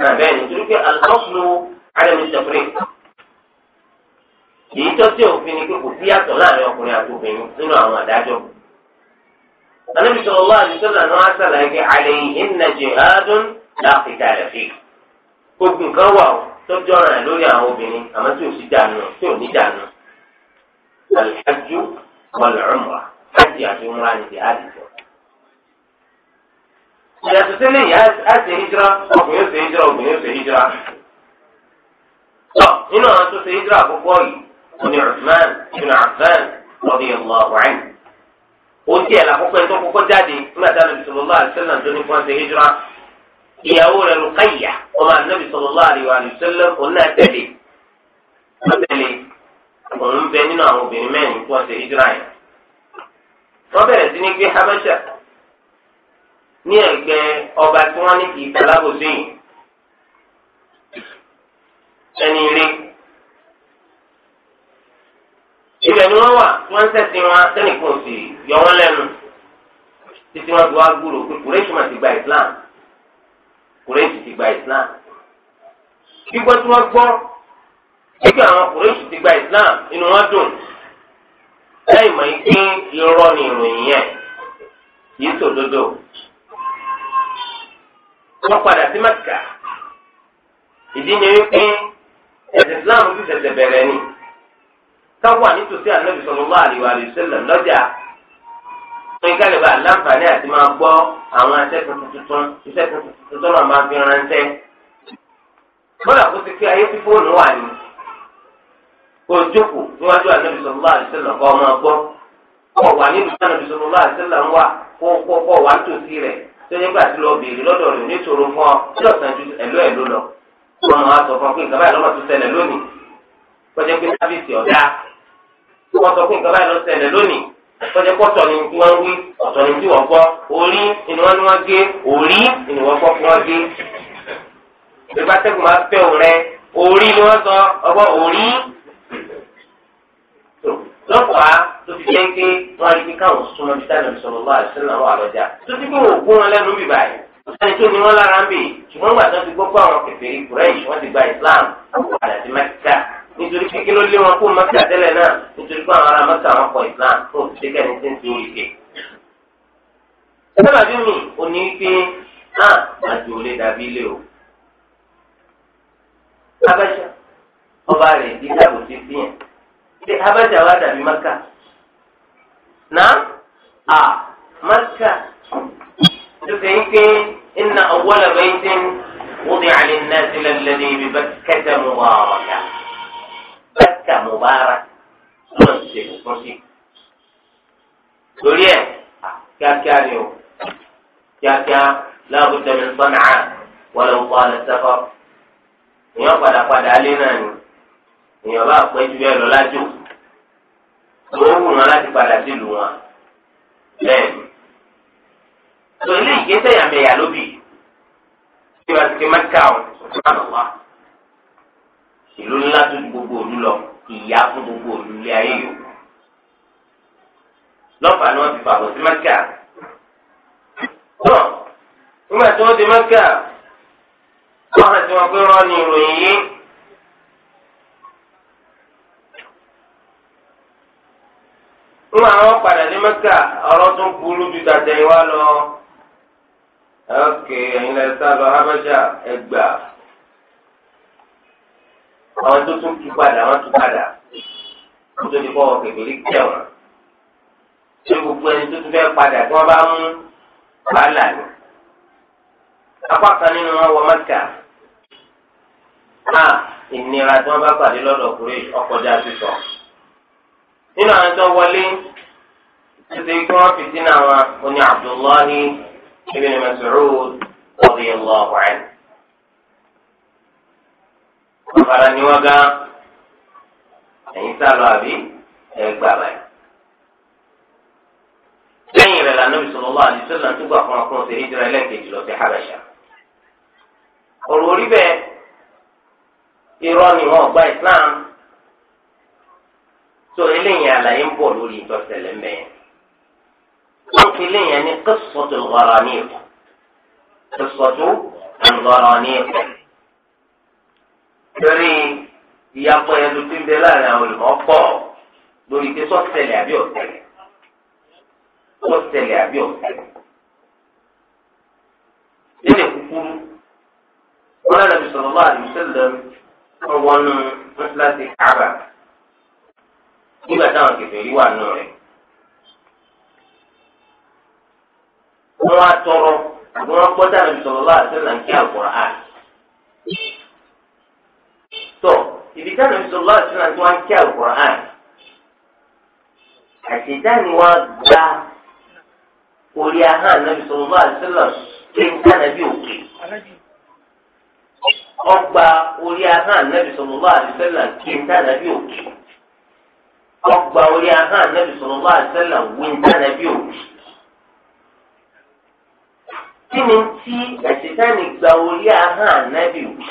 bẹ́ẹ̀ ni torí pé alọ́sùlù adamu sọ̀kúrẹ́ èyí tó tí òfin ni pé kò sí yàtọ̀ láàrin ọkùnrin àti obìnrin nínú àwọn àdájọ́. Ànábì sallallahu alaihi wasallam náà ṣàlàyé pé alayhinna jihadun la qitala fihi. gbogbo nǹkan wà ó tó jọ̀ràn lórí àwọn obìnrin àmọ́ tí ò sí dànù tí ò ní dànù. al-hajju wal-umra hajj àti umra ni jihadi jọ yàtọ̀ sílẹ̀ yìí á ṣe hijira ọkùnrin ó ṣe hijira obìnrin ó ṣe hijira. tọ́ nínú àwọn tó ṣe hijira àkọ́kọ́ yìí oní Uthman ibn Affan radiyallahu anhu. ó tiẹ̀ lákòókò ẹni tó kọ́kọ́ jáde nígbà tí Ànábì sallallahu alaihi wasallam tó hijira. ìyàwó rẹ̀ Ruqayyah ọmọ ní ẹ̀gbẹ́ ọba tí wọ́n ní kì í kalábòsí yìí ẹni rí ibẹ̀ ni wọ́n wà wọ́n ń sẹ́sì wọn sẹ́nìkan ò sì yọ wọ́n lẹ́nu títí wọ́n fi wá gbúrò pé kùrẹ́sì mà ti gba Islam kùrẹ́sì ti gba Islam gbígbọ́ tí wọ́n gbọ́ gbígbà àwọn kùrẹ́sì ti gba Islam inú wọn dùn lẹ́yìn mọ̀ ní pé irọ́ ni ìròyìn yẹn yìí sòdodo wọ́n padà sí mẹ́kà ìdí ni wípé ẹ̀sìn islam ti ṣẹ̀ṣẹ̀ bẹ̀rẹ̀ ni táwọn ànítòsí ànábì sallallahu alaihi wa sallam lọ́jà fún ikálẹ̀ bá láǹfààní àti máa gbọ́ àwọn iṣẹ́ tuntun iṣẹ́ tuntun tó náà máa fi ránṣẹ́ bọ́lá kó ti pé ayé tí fóònù wà ní kó jókòó níwájú ànábì sallallahu alaihi wa sallam kọ́ ọ máa gbọ́ kọ́ wà nínú ànábì sallallahu alaihi wa sallam wà kó kọ́ wà nítòsí rẹ̀ tó yẹ ti tí lọ béèrè lọ́dọ̀ rẹ̀ nítorò fún ọ tí ọ̀sán ju ẹ̀lú ẹ̀lú lọ. wọn máa sọ fún ọ pé nǹkan báyìí lọ́mọ tó ṣẹlẹ̀ lónìí kọjá pé sábìsì ọ̀dá wọn sọ pé nǹkan báyìí lọ ṣẹlẹ̀ lónìí kọjá pé ọ̀tọ̀ ni tí wọ́n wí ọ̀tọ̀ ni tí wọ́n gbọ́ orí ni wọ́n ní wọ́n gé orí ni wọ́n gbọ́ fún wọn gé. ìgbà tẹ́gùn máa fẹ́ òun rẹ orí ni wọ́n sọ ọgbọ́n orí lọ́pàá tó fi jẹ́ pé wọ́n á yí káwọn súnmọ́ bí sáré sọ̀rọ̀ lọ́wọ́ àti sẹ́nà wà lọ́jà tó ti gbóhùn ògún wọn lẹ́nu bíbá yìí sani tó ní wọn lára ń bì ṣùgbọ́n gbà tó ti gbọ́ pé àwọn kèfèrí kùrẹ́yìn wọ́n ti gba Islam padà sí Mẹ́kà nítorí pé kí ló lé wọn kó Mẹ́kà tẹ́lẹ̀ náà nítorí pé àwọn ará Mẹ́kà wọn kọ Islam tó ti ṣe kẹ́ni tí ń ti orí kè. sábàbí mi ò ní pé á àjò lè dàbí ilé o. abájá ọba rẹ̀ di dáàbò sí sí yẹn. ṣé habasha wa dàbí maka na a maka tó ṣe ń inna awwala baytin wudi'a lin-nasi lalladhi bi Bakkata mubaraka Bakka mubarak lọ́n ti ṣe kya kya torí ẹ̀ kya kya la budda min Sana'a wọlé qala safar sẹ́kọ̀ ìyọ́n padà padà alẹ́ náà ni. èèyàn bá pẹ́ ju bẹ́ẹ̀ lọ lájò tó wù wọn láti padà sílùú wọn bẹ́ẹ̀ ni. tó ilé ìgbésẹ̀ yàmẹ̀yà ló bì tí wọ́n ti ké mẹ́ta ọ̀ ṣùgbọ́n àná wa ìlú ńlá tó ju gbogbo òlu lọ ìyá fún gbogbo òlu ilé ayé yòókù. lọ́pàá ni wọ́n ti fàbọ̀ sí mẹ́ta. tó nígbà tí wọ́n ti mẹ́ta wọ́n hàn sí wọn pé rọ́ọ̀nì ìròyìn yìí. ìgbà àwọn padà ní mẹ́kà ọ̀rọ̀ tó burú ju tàtẹ̀ wá lọ. ọ̀kẹ́ ẹ̀yin lẹ sá lọ habẹ́sà ẹgbà. àwọn tó tún tú padà wọ́n tú padà. wọ́n tó ti kọ́ ọ kékeré tẹ̀wọ̀n. ṣé gbogbo ẹni tó tún fẹ́ padà tí wọ́n bá mú wàhálà ni. apá kan nínú wọn wọ mẹ́kà. a ah, ìnira tí wọ́n bá pàdé lọ́dọ̀ kúrẹ́ ọkọ̀ dá sí sọ. nínú àwọn tó wọlé títí kí wọ́n fi sínú àwọn Abdullahi ibn Mas'ud radiyallahu anhu. bàbára ni wọ́n gá àbí gbà báyìí. lẹ́yìn rẹ̀ gbà fún ọkùnrin lọ sí ọ̀rọ̀ Islam. sori tó eléyìí àlàyé ń bọ̀ lórí ìtọ́sẹ̀lẹ̀ mẹ́yẹn. wọ́n fi eléyìí ní qissatu al o qissatu al-gharanit. torí ìyàpọ̀ ẹ̀dù tí ń bẹ láàrin àwọn olùmọ̀ọ́pọ̀ lórí pé sọ́sẹ̀lẹ̀ àbí ọ̀sẹ̀lẹ̀ sọ́sẹ̀lẹ̀ àbí sɛlɛ lédè kúkúrú wọn lẹ́nu sallallahu alaihi wasallam wọn wọnú mọ́sálásí Káàbà. nígbà táwọn kẹfẹ́ yìí wà nù rẹ̀. wọ́n tọrọ àbí wọ́n gbọ́ dáná bisọ̀rọ̀ lọ́wọ́ àti sẹ́lẹ̀ nkí àkùrọ̀ á. tọ́ ibi dáná bisọ̀rọ̀ lọ́wọ́ àti sẹ́lẹ̀ wa gba orí ahọ́n ànábi sọ̀rọ̀ lọ́wọ́ kí n ọgbà orí ahọ́n ànábì sọ̀rọ̀ bá àṣẹlẹ̀ wíńtánà bí òwú. kí ni tí ẹ̀sìtánì gba orí ahọ́n ànábì òwú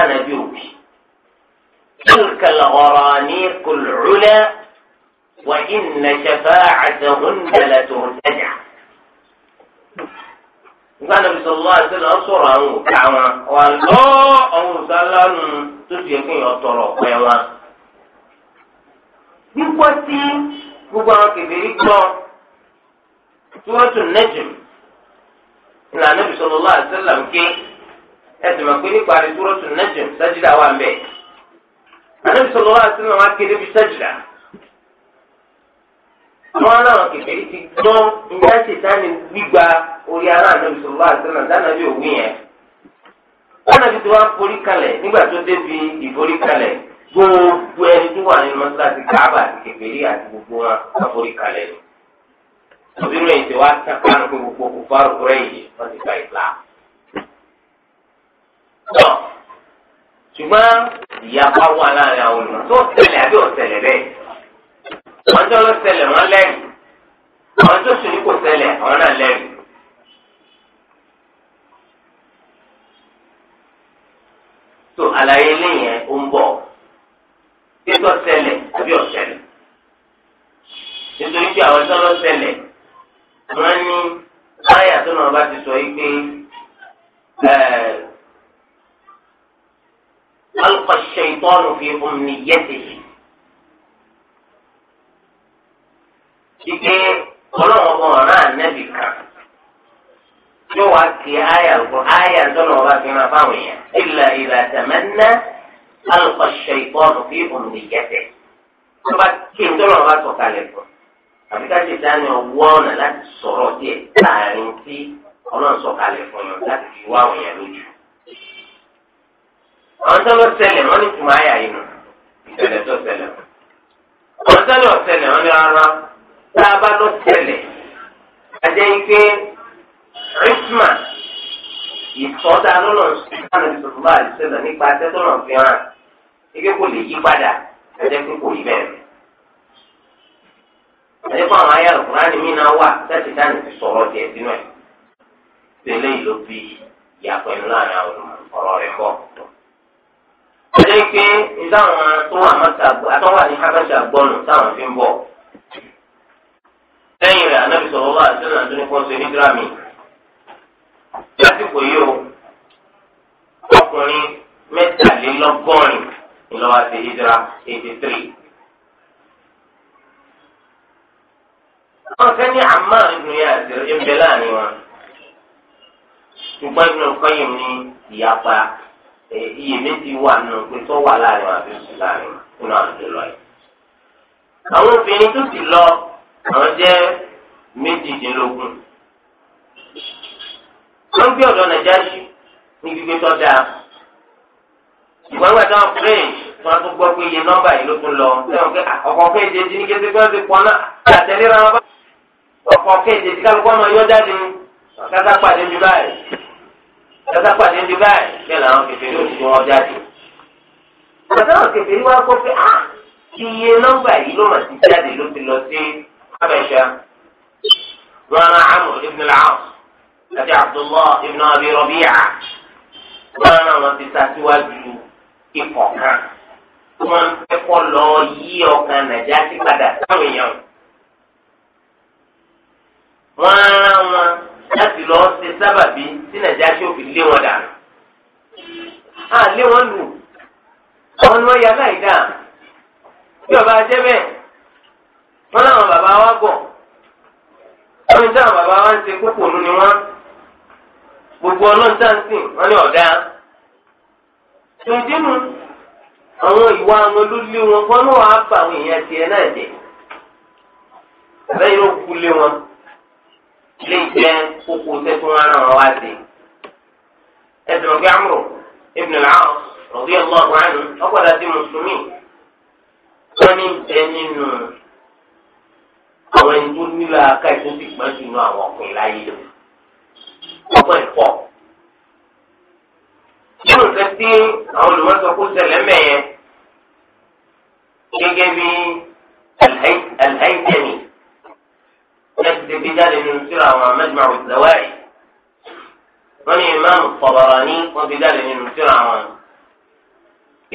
ànábì òwú. تلك الغرانيق العلا وإن شفاعتهن لترتجع nígbà nàbì sọlọ àti náà sọ̀rọ̀ àwọn òkà wọn wà lọ àwọn òsàlánù tó ti yẹ kéèyàn tọrọ ọpẹ́ wọn gbígbọ́ gbogbo àwọn kèfèrí gbọ́ Suratul Najm ìlànà Nabi sallallahu alaihi nke ké ẹ̀sìn máa pé nípa rẹ̀ Suratul Najm sájìdá wà ń bẹ̀. Nabi sallallahu alaihi wasallam wá kéde bí sájìdá. ti gbọ́ gbígba orí gbogbo ẹni tí wà nínú mọ́sálásí káàbà àti kékeré àti gbogbo wọn káforí kalẹ̀ ni. òbínú ẹ̀yìn tí wàá tán kánú pé gbogbo kò bá rògbò rẹ̀ yìí wọ́n ti gba ìlà. tọ́ ṣùgbọ́n ìyapa wà láàrin àwọn olùmọ̀ tó tẹ̀lé àbí ọ̀tẹ̀lẹ̀ bẹ́ẹ̀. wọ́n tó lọ tẹ̀lé wọn lẹ́rìí. àwọn tó sùn ní kò tẹ̀lé àwọn náà lẹ́rìí. tó àlàyé lẹ́yìn ẹ̀ ó ń bọ̀ kó ṣẹlẹ̀ àbí ọ̀ṣẹlẹ̀ nítorí pé àwọn tó lọ ṣẹlẹ̀ wọ́n ní báyà tó náà bá ti sọ yìí pé alqa shaytanu fi umniyatihi ike ọlọ́run ọkọ ọ̀ràn ànẹ́bì kan yóò wá kí àyà tó náà bá fi máa fáwọn èèyàn illa idha tamanna alùpàá ṣèkọ́ ọ̀nà fi òmìnirẹ́tẹ̀ tó bá kí n tọ́lọ̀ bá sọ kalẹ̀ fún àbí ká ṣe dání ọwọ́ ọ̀nà láti sọ̀rọ̀ díẹ̀ láàrin tí ọlọ́run sọ kalẹ̀ fún yàn láti fi wá àwọn yẹn lójú. àwọn tọ́lọ̀ ṣẹlẹ̀ wọ́n ní tùmọ̀ àyà yìí nù ìṣẹ̀lẹ̀ tó ṣẹlẹ̀ àwọn tọ́lọ̀ wọ́n ní rárá tá a bá lọ ṣẹlẹ̀ àjẹ́ ike rìsímà ìtọ́ta lọ́nà sùpàmì sọ̀rọ̀lá àdìsẹ́lẹ̀ nípa tẹ́tọ́nà fi hàn ike kò lè yí padà ẹ̀jẹ̀ pé kò rí bẹ́ẹ̀. ẹ̀jẹ̀ fún àwọn ayé àlùkùránì mí wà láti di ti sọ̀rọ̀ tiẹ̀ sínú ẹ̀. tẹ́lẹ̀ yìí ló fi ìyàpọ̀ ẹnu láàrin àwọn ọ̀rọ̀ rẹ̀ bọ̀. ẹ̀jẹ̀ pé ìdáhùn tó wà mọ́ta àtọ́wà ní lásìkò yìí o ọkùnrin mẹ́tàlélọ́gọ́rin ìlọ́wọ́ àti hijra eighty three. wọ́n fẹ́ ní Ammar ibn Yasir ń bẹ láàrin wọn ṣùgbọ́n Ibn Qayyim ní ìyapa iyèméjì wà nù pé tó wà láàrin wọn àti oṣù láàrin nínú àdúrà yìí. àwọn obìnrin tó ti lọ àwọn jẹ́ méjìdínlógún wọ́n gbé ọ̀dọ́ nàìjáṣí ní gbígbé tó dáa ìwọ́n wà táwọn french wọ́n tún gbọ́ pé iye nọ́mbà yìí ló tún lọ ah, ọkọ̀ kéde tí ní kété gbọ́dọ̀ ti pọ̀ náà àtẹ̀léra wọn bá ọkọ̀ kéde tí kálukọ́ ọmọ yọ jáde ń kátà pàdé ju báyìí kátà pàdé ju báyìí bẹ́ẹ̀ làwọn kẹfẹ́ yóò ti wọn jáde. àtàwọn kẹfẹ́ yìí wá gbọ́ pé ah iye nọ́mbà yìí ló mà ti jáde ló ti lọ sí abẹ́ṣà. wọn á Amr ibn àti Abdullah ibn Abi Rabi'a wọn náà wọn ti sàtìwájú ikọ̀ kan tí wọn fẹ́ kọ́ lọ yí ọkàn ti padà sáwọn èèyàn wọn ara wọn láti lọ ṣe sábàbí tí Nàjàsí òfin lé wọn dànù lé wọn lù àwọn ni wọn yà láì bí ọba jẹ wọn bàbá wa gọ wọn ní wa ń ṣe kókò gbogbo ọlọ́run dáńsìn wọn ní ọ̀dá tòdínú àwọn ìwà àwọn olólè wọn kọ́ náà wàá bá àwọn èèyàn tiẹ̀ náà jẹ lẹ́yìn òkú lé wọn lè jẹ́ kókó sẹ́tún ara wọn wá sí ẹ̀sìn ọ̀gá àmúrò ibn al-As radiyallahu anhu ọ̀pọ̀lá ti mùsùlùmí wọn ní bẹ nínú àwọn ẹni tó nílò aká ìtúntì gbọ́n jù ní àwọn ọkùnrin láyé lọ ọgbọ́n ìfọ́. nínú nǹkan tí àwọn olùmọ̀sọ kó ṣẹlẹ̀ mẹ́yẹn gẹ́gẹ́ bí alhaitani láti ṣe fi jáde nínú síra àwọn amẹ́jùmọ̀ òṣèlú wọ́n ní ìmáàmù Tabarani wọ́n fi jáde nínú síra àwọn.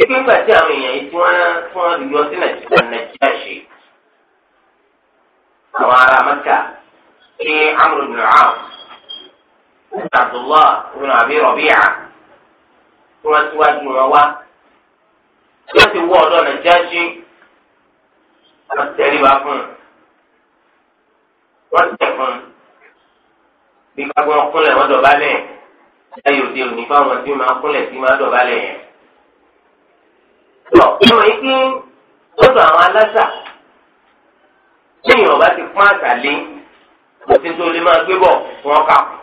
Ibi ń gbà àwọn èèyàn yìí tí wọ́n tí wọ́n yọ sí Nàìjíríà ṣe. Àwọn ará Mẹ́kà ṣe Amr ibn al Abdullah ibn Abi Rabi'a tí wọ́n síwájú wọn wá. tí wọ́n ti wọ ọ̀dọ́ Nàìjíríà wọ́n tẹríba fún un. wọ́n tẹ̀ fún un. bí kápẹ́ kúnlẹ̀ wọ́n dọ̀bálẹ̀ ẹ̀yọ̀ òde òní fáwọn tí máa kúnlẹ̀ sí máa dọ̀bálẹ̀ yẹn. lọ ìmọ̀ yìí lọ́dọ̀ àwọn aláṣà tí ìyọ̀nba ti pọ́n àtàlé òfin tó lè máa gbé bọ̀ wọ́n kà kù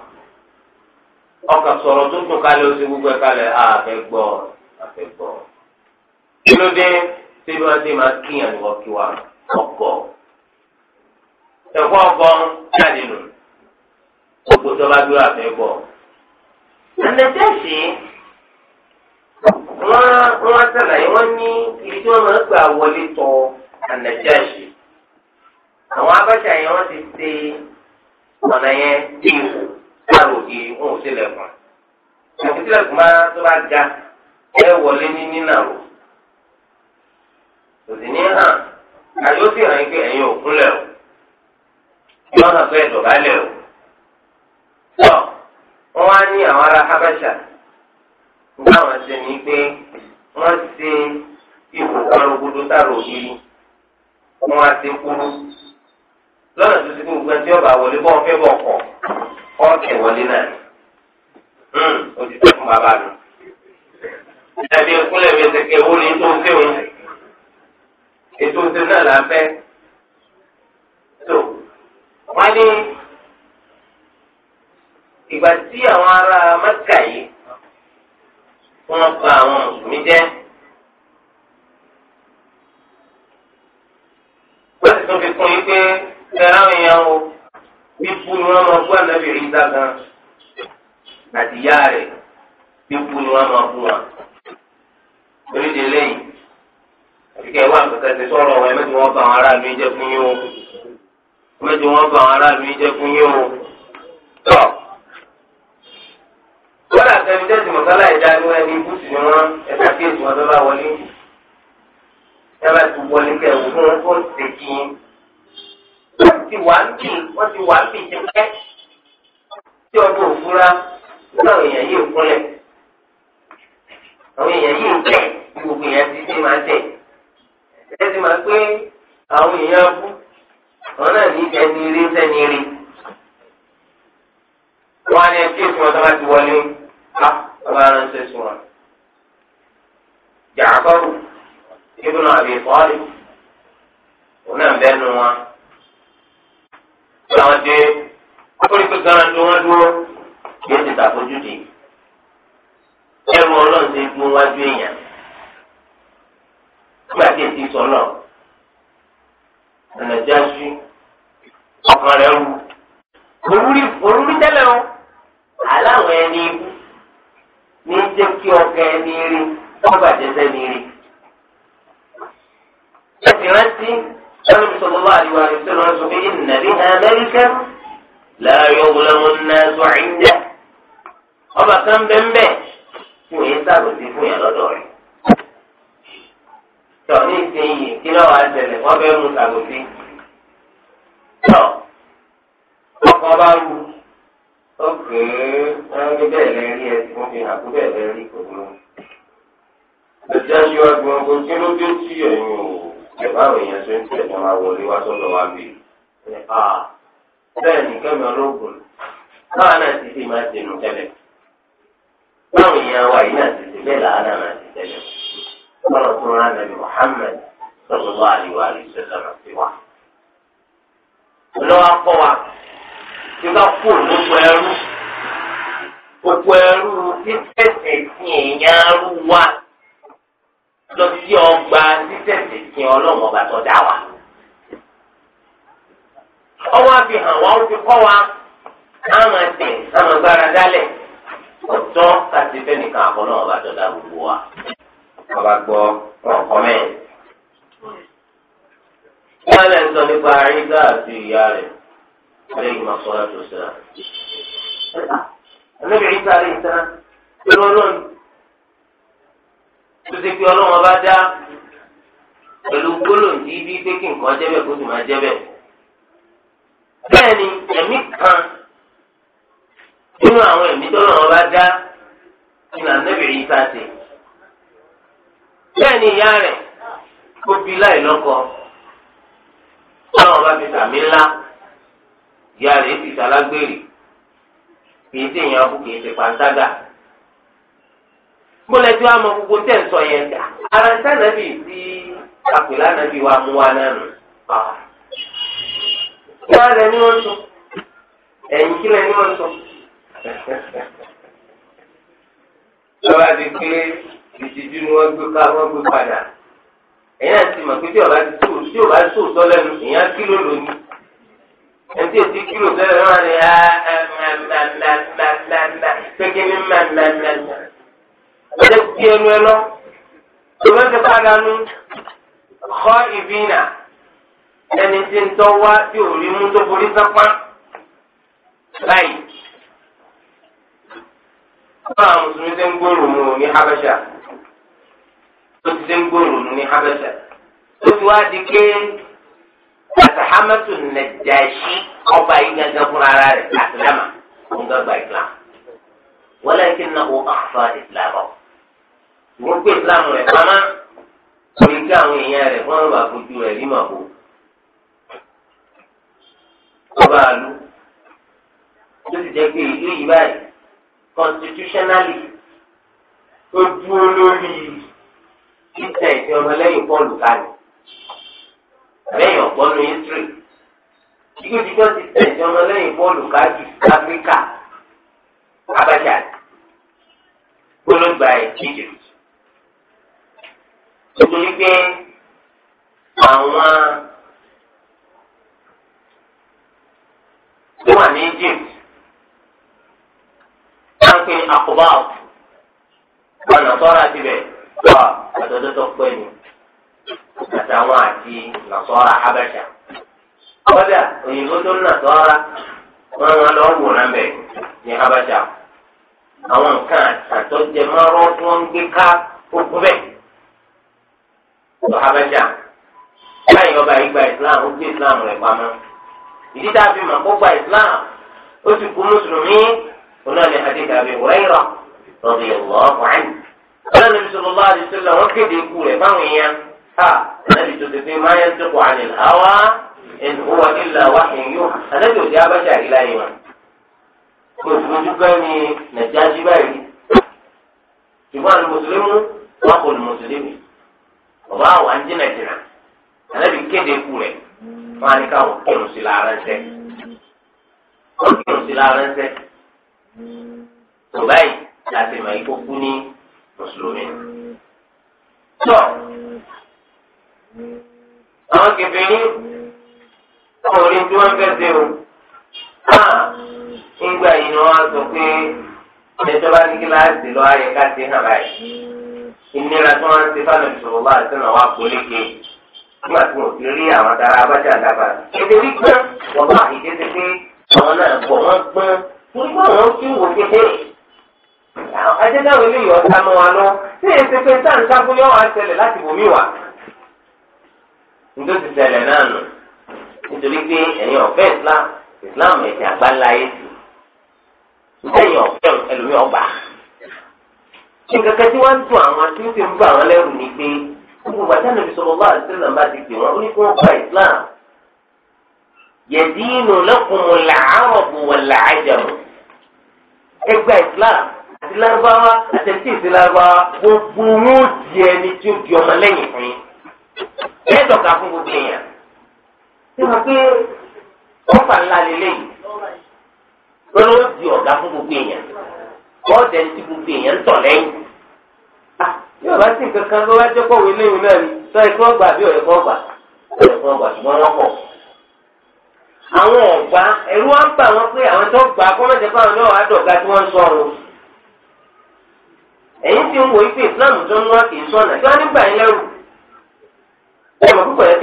ọkàn sọ̀rọ̀ tó tún kalẹ̀ oṣù gbogbo ẹ̀ kalẹ̀ àfẹ́ ah, gbọ́ àfẹ́ gbọ́. kí ló dé tí wọ́n ti máa kíyàn ní wọ́n wa ọkọ̀ ẹ̀kọ́ ọkọ̀ jáde nù gbogbo tó bá dúró àfẹ́ gbọ́. àtẹ̀tẹ̀sí wọ́n wọ́n sàlàyé wọ́n ní ibi tí wọ́n máa ń gbà wọlé tọ ànàjáṣe àwọn abáṣà yẹn wọ́n ti ṣe ọ̀nà yẹn dìbò. láàrú ògiri wọn ò sílẹ̀kùn àti sílẹ̀kùn máa tó bá ga ẹ wọlé ní nínàró òsì ní hàn àyè ó hàn pé ẹ̀yin ò kúnlẹ̀ o yọ hàn pé o á ní àwọn ará Habasha ṣe ní pé ṣe ipò kúrú tó ti kú ọba wọlé bọ́ọ̀ fẹ́ bọ̀ ọ̀kẹ́ wọlé náà hmm. ó ti tẹ́ fún bàbá mi. ẹbí ìkúnlẹ̀ mi ti kẹ́ wọ́n ní tó ń tẹ̀wọ́n ètò ìṣe náà là ń fẹ́. tó wọ́n ní ìgbà tí àwọn ará mẹ́kà yìí wọ́n ba àwọn mùsùlùmí jẹ́. wọ́n sì tún fi kún yín pé ṣe ráwọn èèyàn o bíbu ni wọ́n máa bú ànábì Ìsá gan àti ìyá rẹ̀ bíbu ni wọ́n máa bú wọn. oríṣi lẹ́yìn àbíkẹ́ wà kankan ti sọ̀rọ̀ wọn ẹ̀mẹ́tì wọn bá àwọn aráàlú jẹ́ fún yín o ẹ̀mẹ́tì wọn bá àwọn aráàlú jẹ́ fún yín o. tọ́ wọ́n àtẹnu jẹ́sìn mọ̀sálà ìdá ni wọ́n ẹni ibú sì ni wọ́n ẹ̀ka kí èsì wọn tó bá wọlé ẹ bá wọlé kẹ́ ẹ̀ wọ́n fún ṣèkí wọ́n ti wà ń bì wọ́n ti wà mí ti pẹ́ tí ọdún òfúra nígbà èèyàn yìí kúnlẹ̀ àwọn èèyàn yìí tẹ̀ bí gbogbo èèyàn ti ti máa tẹ̀ ẹ ti máa pé àwọn èèyàn kú wọn náà ní ẹni rí sẹ́ni rí wọn á ní ẹtí èsì wọn bá ti wọlé á ọba aránṣẹ́ sí wọn. Jàkọ́rù ibùdó àbí òun náà bẹ́ẹ̀ nu wọn. làwọn dé lórí pé garan tó wọn dúró yóò ti tàfojúdi ẹrù ọlọ́run ti gbó wájú èèyàn nígbà tí èsì sọ náà ọ̀nà jáṣu ọkàn rẹ̀ wù òrùrí òrùrí tẹ́lẹ̀ o aláwọ̀ ẹni ibú ní jẹ́ kí ọkàn ẹni rí ọgbà jẹ́sẹ́ ni rí. ẹ̀sìn rántí. النبي صلى الله عليه وسلم إن بها ملكا لا يظلم الناس عنده ọba kan bẹ́ẹ̀ fún yín sábòsí fún yàrá lọ́dọ̀ rẹ̀ tọ́ ní ìsinyìí kí ló wàá ṣẹlẹ̀ wọ́n fẹ́ mú sábòsí tọ́ ọkọ̀ bá wù ó pè é wọ́n ní bẹ́ẹ̀ lẹ́rí ẹ̀ tí wọ́n fi hàn kú bẹ́ẹ̀ lẹ́rí kò dúró. ẹ̀jẹ̀ aṣọ àgbọ̀ngàn kí ló dé sí ẹ̀yìn o ẹ̀fọ́ àwọn èèyàn ṣe ń tẹ̀ ẹ̀ máa wọlé wá sọ́dọ̀ wá bí. bẹ́ẹ̀ ni kẹ́mi ológun náà náà ti fi máa ṣe nù tẹ́lẹ̀. báwọn èèyàn wa yìí náà ti ṣe bẹ́ẹ̀ làánà náà ti tẹ̀lẹ̀. ọ̀rọ̀ tó rán nàbì Muhammad sọ̀rọ̀ àríwá àríṣẹ́ lọ́nà sí wa. olówó akọ wa ti bá kú lóko ẹrú. Gbogbo ẹrú títẹ̀sẹ̀ sí èèyàn arú wa. lọ sí ọgbà títẹ̀sí kí ọlọ́run ọba wa. ọwọ́ àfihàn wa ó fi kọ́ wa àmà tẹ̀ àmà gbára dálẹ̀ ọ̀tọ́ àti fẹ́nìkan ọba tó dá gbogbo wa. ọba gbọ́ ọkọ mẹ́rin. wọ́n lè sọ nípa àríkà àti ìyá rẹ̀ lẹ́yìn tó sẹ́ra. ẹ̀ka ẹ̀lẹ́bìrì tó ṣe pé ọlọ́wọ́n bá dá pẹ̀lú gbólóǹdì bí pé kí nǹkan jẹ́ bẹ́ẹ̀ kó sì máa jẹ́ bẹ́ẹ̀. bẹ́ẹ̀ ni ẹ̀mí kan nínú àwọn ẹ̀mí tó lọ́wọ́ bá dá ìlànà ànábìrì ìta ṣe. bẹ́ẹ̀ ni ìyá rẹ̀ ó bí láì lọ́kọ ọlọ́wọ́n bá fi sàmì ńlá ìyá rẹ̀ èsì sálágbèrè kì í ṣe ìyàwó kì í ṣe pàǹtágà mọlẹbi wa mọ gbogbo tẹ nsọ yẹn dà ara nsá nàbì sí kàpìlà nàbì wa mú wa nánu bàbá. yàrá ẹni wọn sọ ẹ̀yìn kí lẹni wọn sọ. lọ́wọ́ ti pé ìtìjú ni wọ́n gbé ká wọ́n gbé padà ẹ̀yìn àti mọ̀ pé tí ọba ti tó tí ọba tó sọ lẹ́nu ìyá kílò lónìí ẹtí ètí kílò sẹ́lẹ̀ náà ni ẹ ẹ mẹ́mẹ́mẹ́mẹ́mẹ́ pé kí ni mẹ́mẹ́mẹ́mẹ́ ọdẹ ti ẹnu ẹ lọ ìwé ti padà nu kọ ìbínà ẹni tí ń tọ́ wá tí ò rí mú tó borí sápá láì. Báwo àwọn mùsùlùmí ti ń gbòòrò mu ní Habẹ́sà? Ó ti ti ń gbòòrò mu ní Habẹ́sà. Ó ti wá di ké Àtàhámẹ́tò Nàjàṣí ọba yìí gángan fúnra ara rẹ̀ àtìlámà ó ń gbàgbà ìgbà. Wọ́n lẹ́yìn kí n náà wọ́n àfọ́ àti wọ́n gbé islam rẹ̀ pamá torí kí àwọn èèyàn rẹ̀ wọ́n bá fojú rẹ̀ rí màá bò. ọba àlú tó ti jẹ́ pé ìlú yìí báyìí constitutionally tó dúró lórí títẹ̀ ìfẹ́ ọmọlẹ́yìn pọ́ọ̀lù kalẹ̀ lẹ́yìn ọ̀pọ̀nù history ìgbésíkọ́ ti tẹ̀ ìfẹ́ ọmọlẹ́yìn pọ́ọ̀lù kájú áfíríkà abájáde gbólógbà ẹ̀ Egypt. nítorí pé àwọn tó wà ní Egypt wọ́n pe àkùbá ọ̀nà tọ́ra síbẹ̀ wà àtọ́jọ́ tó pẹ́ ni àtàwọn àti nàṣọ́ra Habasha kọ́dà òyìnbó tó ń nàṣọ́ra wọ́n wọn lọ wòran bẹ̀ ní Habasha àwọn nǹkan àtàtọ́jẹ márùn-ún ń gbé ká lọ Habasha láyé ọba yìí gba Islam ó gbé Islam rẹ̀ pamọ́ ìdí tá a fi mọ̀ kó gba Islam ó sì kú mùsùlùmí onáni hadith Abi Hurairah radiyallahu anhu ọlọ́ni sallallahu alaihi wasallam wọ́n kéde ikú rẹ̀ fáwọn èèyàn ha ẹ̀nàbì tó ti fi máa yẹn tó kọ́ àlè àwa in huwa illa wahyun yuha ẹ̀nàbì òde Habasha rí láyé wọn mùsùlùmí gbẹ́ ni Nàìjíríà báyìí ṣùgbọ́n àlùmùsùlùmí wọn kò lùmùsùlùmí ọba àwọn àjìnàjìnà ànábì kéde ikú rẹ̀ wọn á ní káwọn kírun sí lára ń sẹ́ wọn kírun sí lára ń sẹ́ tó báyìí láti mọ ikú kú ní mùsùlùmí. tó àwọn kẹfìrí táwọn orí tí wọ́n fẹ́ ṣe o nígbà yìí ni wọ́n á sọ pé ẹjọ́ ní kí láti lọ ayẹ ká ti hàn báyìí ìnira tí wọ́n ti fáwọn ìṣòro wá àti náà wá políkè nígbà tí wọ́n ti rí àwọn dára abájá àdàbà. èdè rí gbọ́n wọ́n bá ìdí ti pé àwọn náà bọ̀ wọ́n gbọ́n nígbà wọn kí wò kéde. ajẹ́dáwọ̀ eléyìí ọ̀tá mọ́ wa lọ sí èsì pé sáǹtà fún yọ́ wá ṣẹlẹ̀ láti wò mí wá. nítorí ti ṣẹlẹ̀ náà nù nítorí pé ẹ̀yin ọ̀fẹ́ Islam Islam ẹ̀sìn àgbáńlá yẹn sì nǹkan kan tí wọ́n ń dùn àwọn tí ó fi ń bá àwọn lẹ́rù ni pé gbogbo àtàlẹ́ mi sọ̀rọ̀ wá àti sẹ́lẹ̀ bá ti pè wọ́n ó ní kí wọ́n gba Islam yẹ̀dínú lẹ́kùnmọ̀ làárọ̀bù wà làájàmù ẹgbẹ́ Islam àti lárúbáwá àti ẹtí ìsìn lárúbáwá gbogbo wọn ò di ẹni tí ó di ọmọ lẹ́yìn fún yín ẹ̀ dọ̀ka fún gbogbo èèyàn ṣé wọ́n pé ọ̀fà ńlá lélẹ́yìn lọ́wọ́ di ọ̀gá fún gbogbo èèyàn. wọ́n jẹ́ ti gbogbo èèyàn ń tọ̀ yóò kankan ló wá jẹ́ kọ̀wé léwu náà ni sọ ẹ̀kọ́ ọgbà bí ọ̀yẹ̀kọ́ ọgbà ọ̀yẹ̀kọ́ ọgbà ṣùgbọ́n wọ́n kọ̀. àwọn ọ̀gbà ẹ̀rú wa ń wọ́n pé àwọn tó gbà kọ́mọ̀tẹ́ fáwọn náà wà dọ̀gá tí wọ́n ń sọ̀rọ̀. ẹ̀yin ti ń wo ife Islam tó ń wá kì í sọ̀nà tí wọ́n nígbà lẹ́rù. púpọ̀ yẹ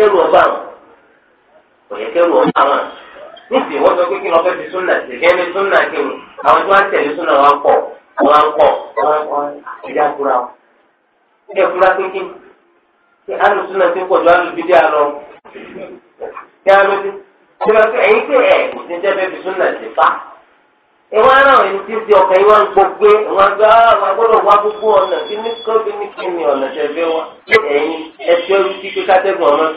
nísìnyí wọ́n sọ pé kí lọ́ọ́ fẹ́ fi súnà sí kí ẹni súnà kí ni àwọn tí wọ́n tẹ̀lé súnà wọn pọ̀ wọn pọ̀ wọn ẹja fura wọn. ẹ fura kéke kí alu súnà ti pọ̀ ju alu bídí alọ kí alu ti ṣe pé pé kò sí fi súnà sí fa. náà ẹni tí ti ọkàn yìí wọn ah, gbogbo ọ̀nà ní ní kí ni ọ̀nà ẹ̀yin kátẹ́gùn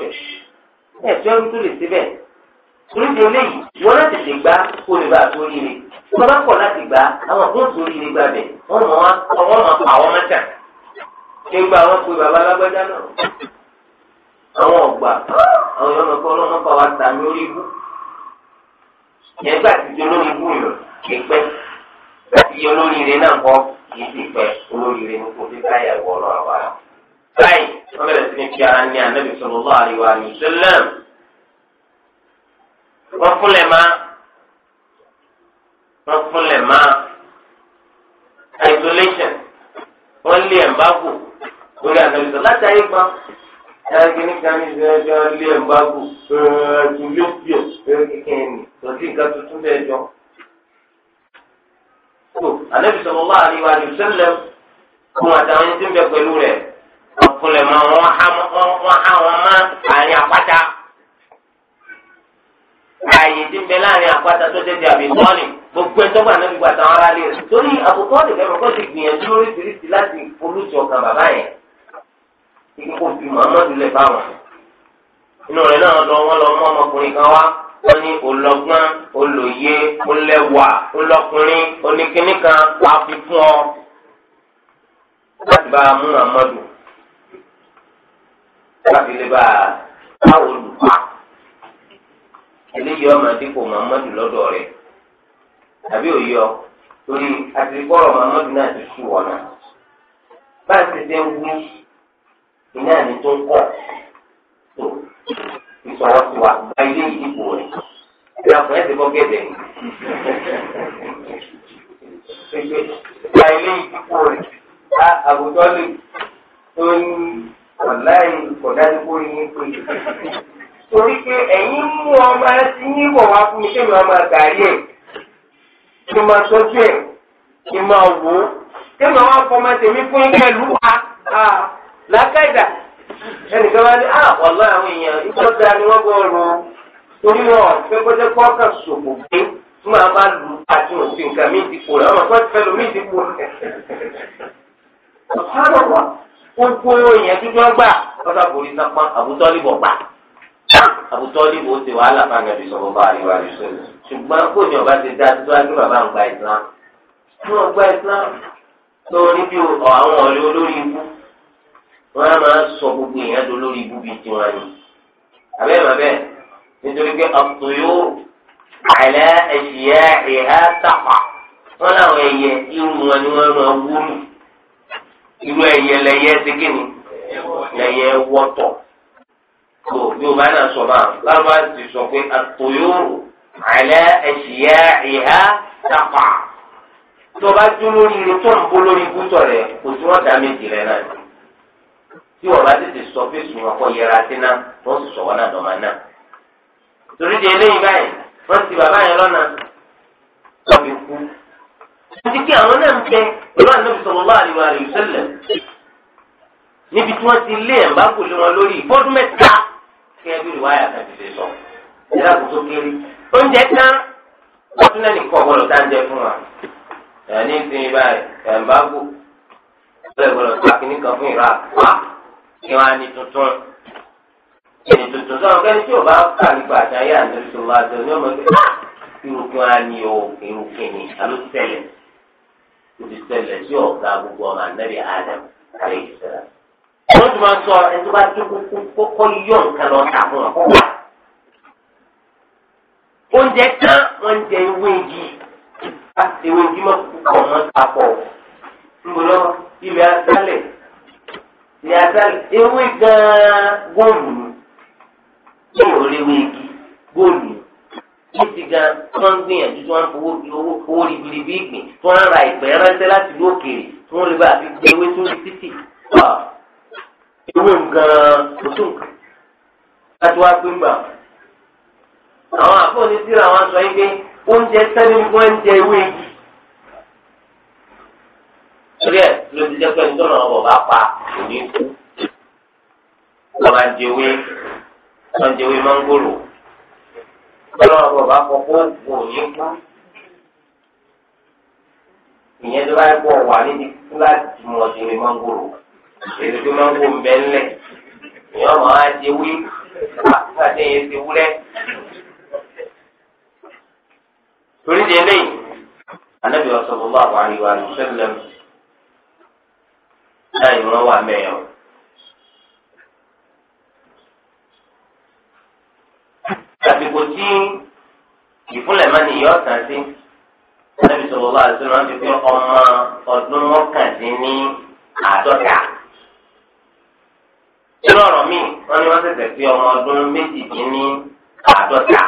ọ̀nà níbi eléyìí ìwọ láti lè gbá kó lè bá tó rí rí tó bá pọ̀ láti gbá àwọn tó tó rí rí gbà bẹ̀ wọ́n mọ̀ wá wọ́n mọ̀ pa àwọn mọ́tà ṣé gba àwọn pé bàbá alágbádá náà àwọn ọ̀gbà àwọn yọ̀ọ́ lọ́kọ́ ọlọ́mọ pa wá tà ní orí ibú yẹn gbà ti di olórí ibú yọ kì láti yọ olórí ire náà kọ́ kì í sì pẹ́ olórí ire ní kò fi káyà ìwọ ọlọ́ àwa báyìí wọ́n bẹ̀rẹ̀ sí ní fi ara ní anábì sallallahu alaihi wa wọ́n fúnlẹ̀ má wọ́n fúnlẹ̀ má isolation wọ́n lé ẹ̀mbágò lórí àtẹ̀lẹ́sọ̀ láti ayé gbọ́n ẹ̀rọ kìíní kan ní ìṣẹ́jọ́ lé ẹ̀mbágò ẹ̀ẹ́dùnlẹ́pìọ̀ ẹ̀ẹ́dùnkìíní tọ́sí nǹkan tuntun bẹ́ẹ̀ jọ. Ànábì sallallahu alaihi wa sallam fún àtàwọn ẹni tí ń bẹ pẹ̀lú rẹ̀ wọ́n fúnlẹ̀ wọ́n há wọn má àárín àpáta ààyè tí ń bẹ láàrin àpáta tó tẹ̀sí àbíkọ́ọ̀lì gbogbo ẹjọ́ gbà náà gbígbà táwọn aráàlú rẹ̀ torí àbùkọ́ọ̀lì fẹ́ mọ̀ kó ti gbìyànjú lóríṣiríṣi láti olùsọ ọ̀kan bàbá yẹn ikú fi muhammadu lè bá wọn. inú rẹ̀ náà lọ wọ́n lọ mọ́ ọmọkùnrin kan wá wọ́n ní olọ́gbọ́n olóye olẹ́wà olọ́kùnrin oníkíní kan wà fi fún ọ láti bá muhammadu láti lè bá a olùkọ́ eléyìí ọmọ àdínkù muhammadu lọ́dọ̀ rẹ̀ àbí òye ọ torí àtìkọ́rọ̀ muhammadu náà ti sùn wọ̀nà bá a ti dé wú iná ni tó ń kọ̀ tó ìsọ̀rọ̀ ti wà gba ilé ìdìbò rẹ̀ ìyàpọ̀ ẹ̀ ti kọ́ gẹ̀dẹ̀ ní. gba ilé ìdìbò rẹ̀ àgùntàn lè tó ń wọ̀n láì yín pé. torí pé ẹ̀yin mú ọmọ ẹtí yín bọ̀ wá fún mi kí mi gàrí ẹ̀ kí máa tọ́jú ẹ̀ kí máa wò ó kí máa wá fọmọ tèmi fún yín pẹ̀lú wa lákàdà ah àwọn èèyàn ni torí wọn fẹ́ kọ́jọ́ pọ́ sòkò gbé lù ú àti òsì nǹkan ọmọ fẹ́ ọ̀sán gbogbo èèyàn ọ̀sán kò àbùtọ́ ìbò ti wàhálà fanabi sọ̀rọ̀ bá àríwá rẹ̀ sọ̀rọ̀ ṣùgbọ́n kò ní ọba ti dá tó wájú bàbá ń gba Islam ní ọgbà Islam lórí bí àwọn ọ̀rẹ́ olórí ibú wọn á máa sọ gbogbo èèyàn tó lórí ibú bíi tiwọn ni àbẹ́rẹ́ bàbẹ́ nítorí pé ọ̀tọ̀yó àlẹ́ ẹ̀ṣìyẹ́ ẹ̀há tàpá wọn làwọn ẹyẹ irú wọn ni wọn máa wúlò irú ẹyẹ lẹyẹ ṣe kíni lẹyẹ wọ́tọ̀ tó yorùbá náà sọ bá lárúbá ti sọ pé àtòyóró àlẹ́ ẹ̀ṣìyá ìhá dàpà tó bá dún lórí irun tó ń bó lórí gúúsọ̀ rẹ̀ kò tí wọ́n dá méjì rẹ̀ náà tí wọ́n bá tètè sọ pé sùn ọkọ yẹra sí náà wọ́n sì sọ wọn náà dọ̀mà náà torí di eléyìí báyìí wọ́n ti bàbá yẹn lọ́nà wọ́n fi kú. Àti kí àwọn náà ń bẹ pẹ̀lú ànábì sallallahu alaihi wasallam níbi tí wọ́n ti lé ẹ̀mbá kò lé wọn lórí ìfọ́dún mẹ́ta kẹ́ẹ́ bí ìwáyà kan ti ṣe sọ ìyá àkótó kéré oúnjẹ tán wọ́n tún náà nìkan ọ̀gbọ́dọ̀ tá ń jẹ fún wa ẹ̀ ní ìsinyìí báyìí ẹ̀ ń bá gò ọ̀gbọ́dọ̀ gbọ́dọ̀ tó akíní kan fún ìrà àpá kí wọ́n á ní tuntun ẹni tuntun sọ̀rọ̀ kẹ́ni tí o bá kà nípa àṣà yà ní oṣù wa jọ ní ọmọ ìgbà irúgbìn á ní o irúgbìn ni àló tẹ̀lẹ̀ o ti tẹ̀lẹ̀ sí ọ̀gá gbogbo ọmọ ànábì Adam àlẹ́ ìṣẹ̀lẹ̀ wọ́n ti máa sọ ẹni tó bá dé kókó yọ̀ nǹkan lọ tà fún ọ. oúnjẹ kan wọ́n ń jẹ ewé igi láti ewé igi máa kú pọ̀ mọ́ papọ̀ ńgbọ́dọ̀ ilẹ̀ asálẹ̀ ilẹ̀ asálẹ̀ ewé gan-an góòlù ní ìrọ̀lẹ́ ewé igi góòlù wọ́n ti gan wọ́n ń gbìyànjú tí wọ́n ń fowó owó owó ribiribi gbìn tí wọ́n ń ra ìpẹ́ ránṣẹ́ láti lókèèrè tí wọ́n lè bá àfi gbé ewé sórí títì ewé gan-an oṣù nǹkan láti wá pín gbà. àwọn àfọ̀ní síra wọn sọ yín pé oúnjẹ sẹ́ni wọ́n ń jẹ ewé igi. torí ẹ̀ ló ti jẹ́ pé ẹni tó nà ọ́ bá pa kò ní kú. wọ́n máa ń jẹ ewé wọ́n ń jẹ ewé mángòrò. ọlọ́run ọ̀bọ̀ bá kọ́ kó kò ní kú. ìyẹn tó bá yẹ kó wà níbi kíláàsì tí mo èdè máa ń wò mbẹ́ ńlẹ̀ èèyàn máa á di wí àti èyí ti wúlẹ̀. torí di eléyìí anábì sallallahu alaihi wa sallam náà ni wà mẹ́yàn. àsìkò tí ìfúnlẹ̀ máa nìyọ́ sàn sí anábì sallallahu alaihi wa sallam máa fi ọmọ ọdún mọ́kàndínní àádọ́ta. nínú ọ̀rọ̀ mi wọ́n ní wọ́n ṣẹ̀ṣẹ̀ fi ọmọ ọdún méjìdínní àádọ́ta.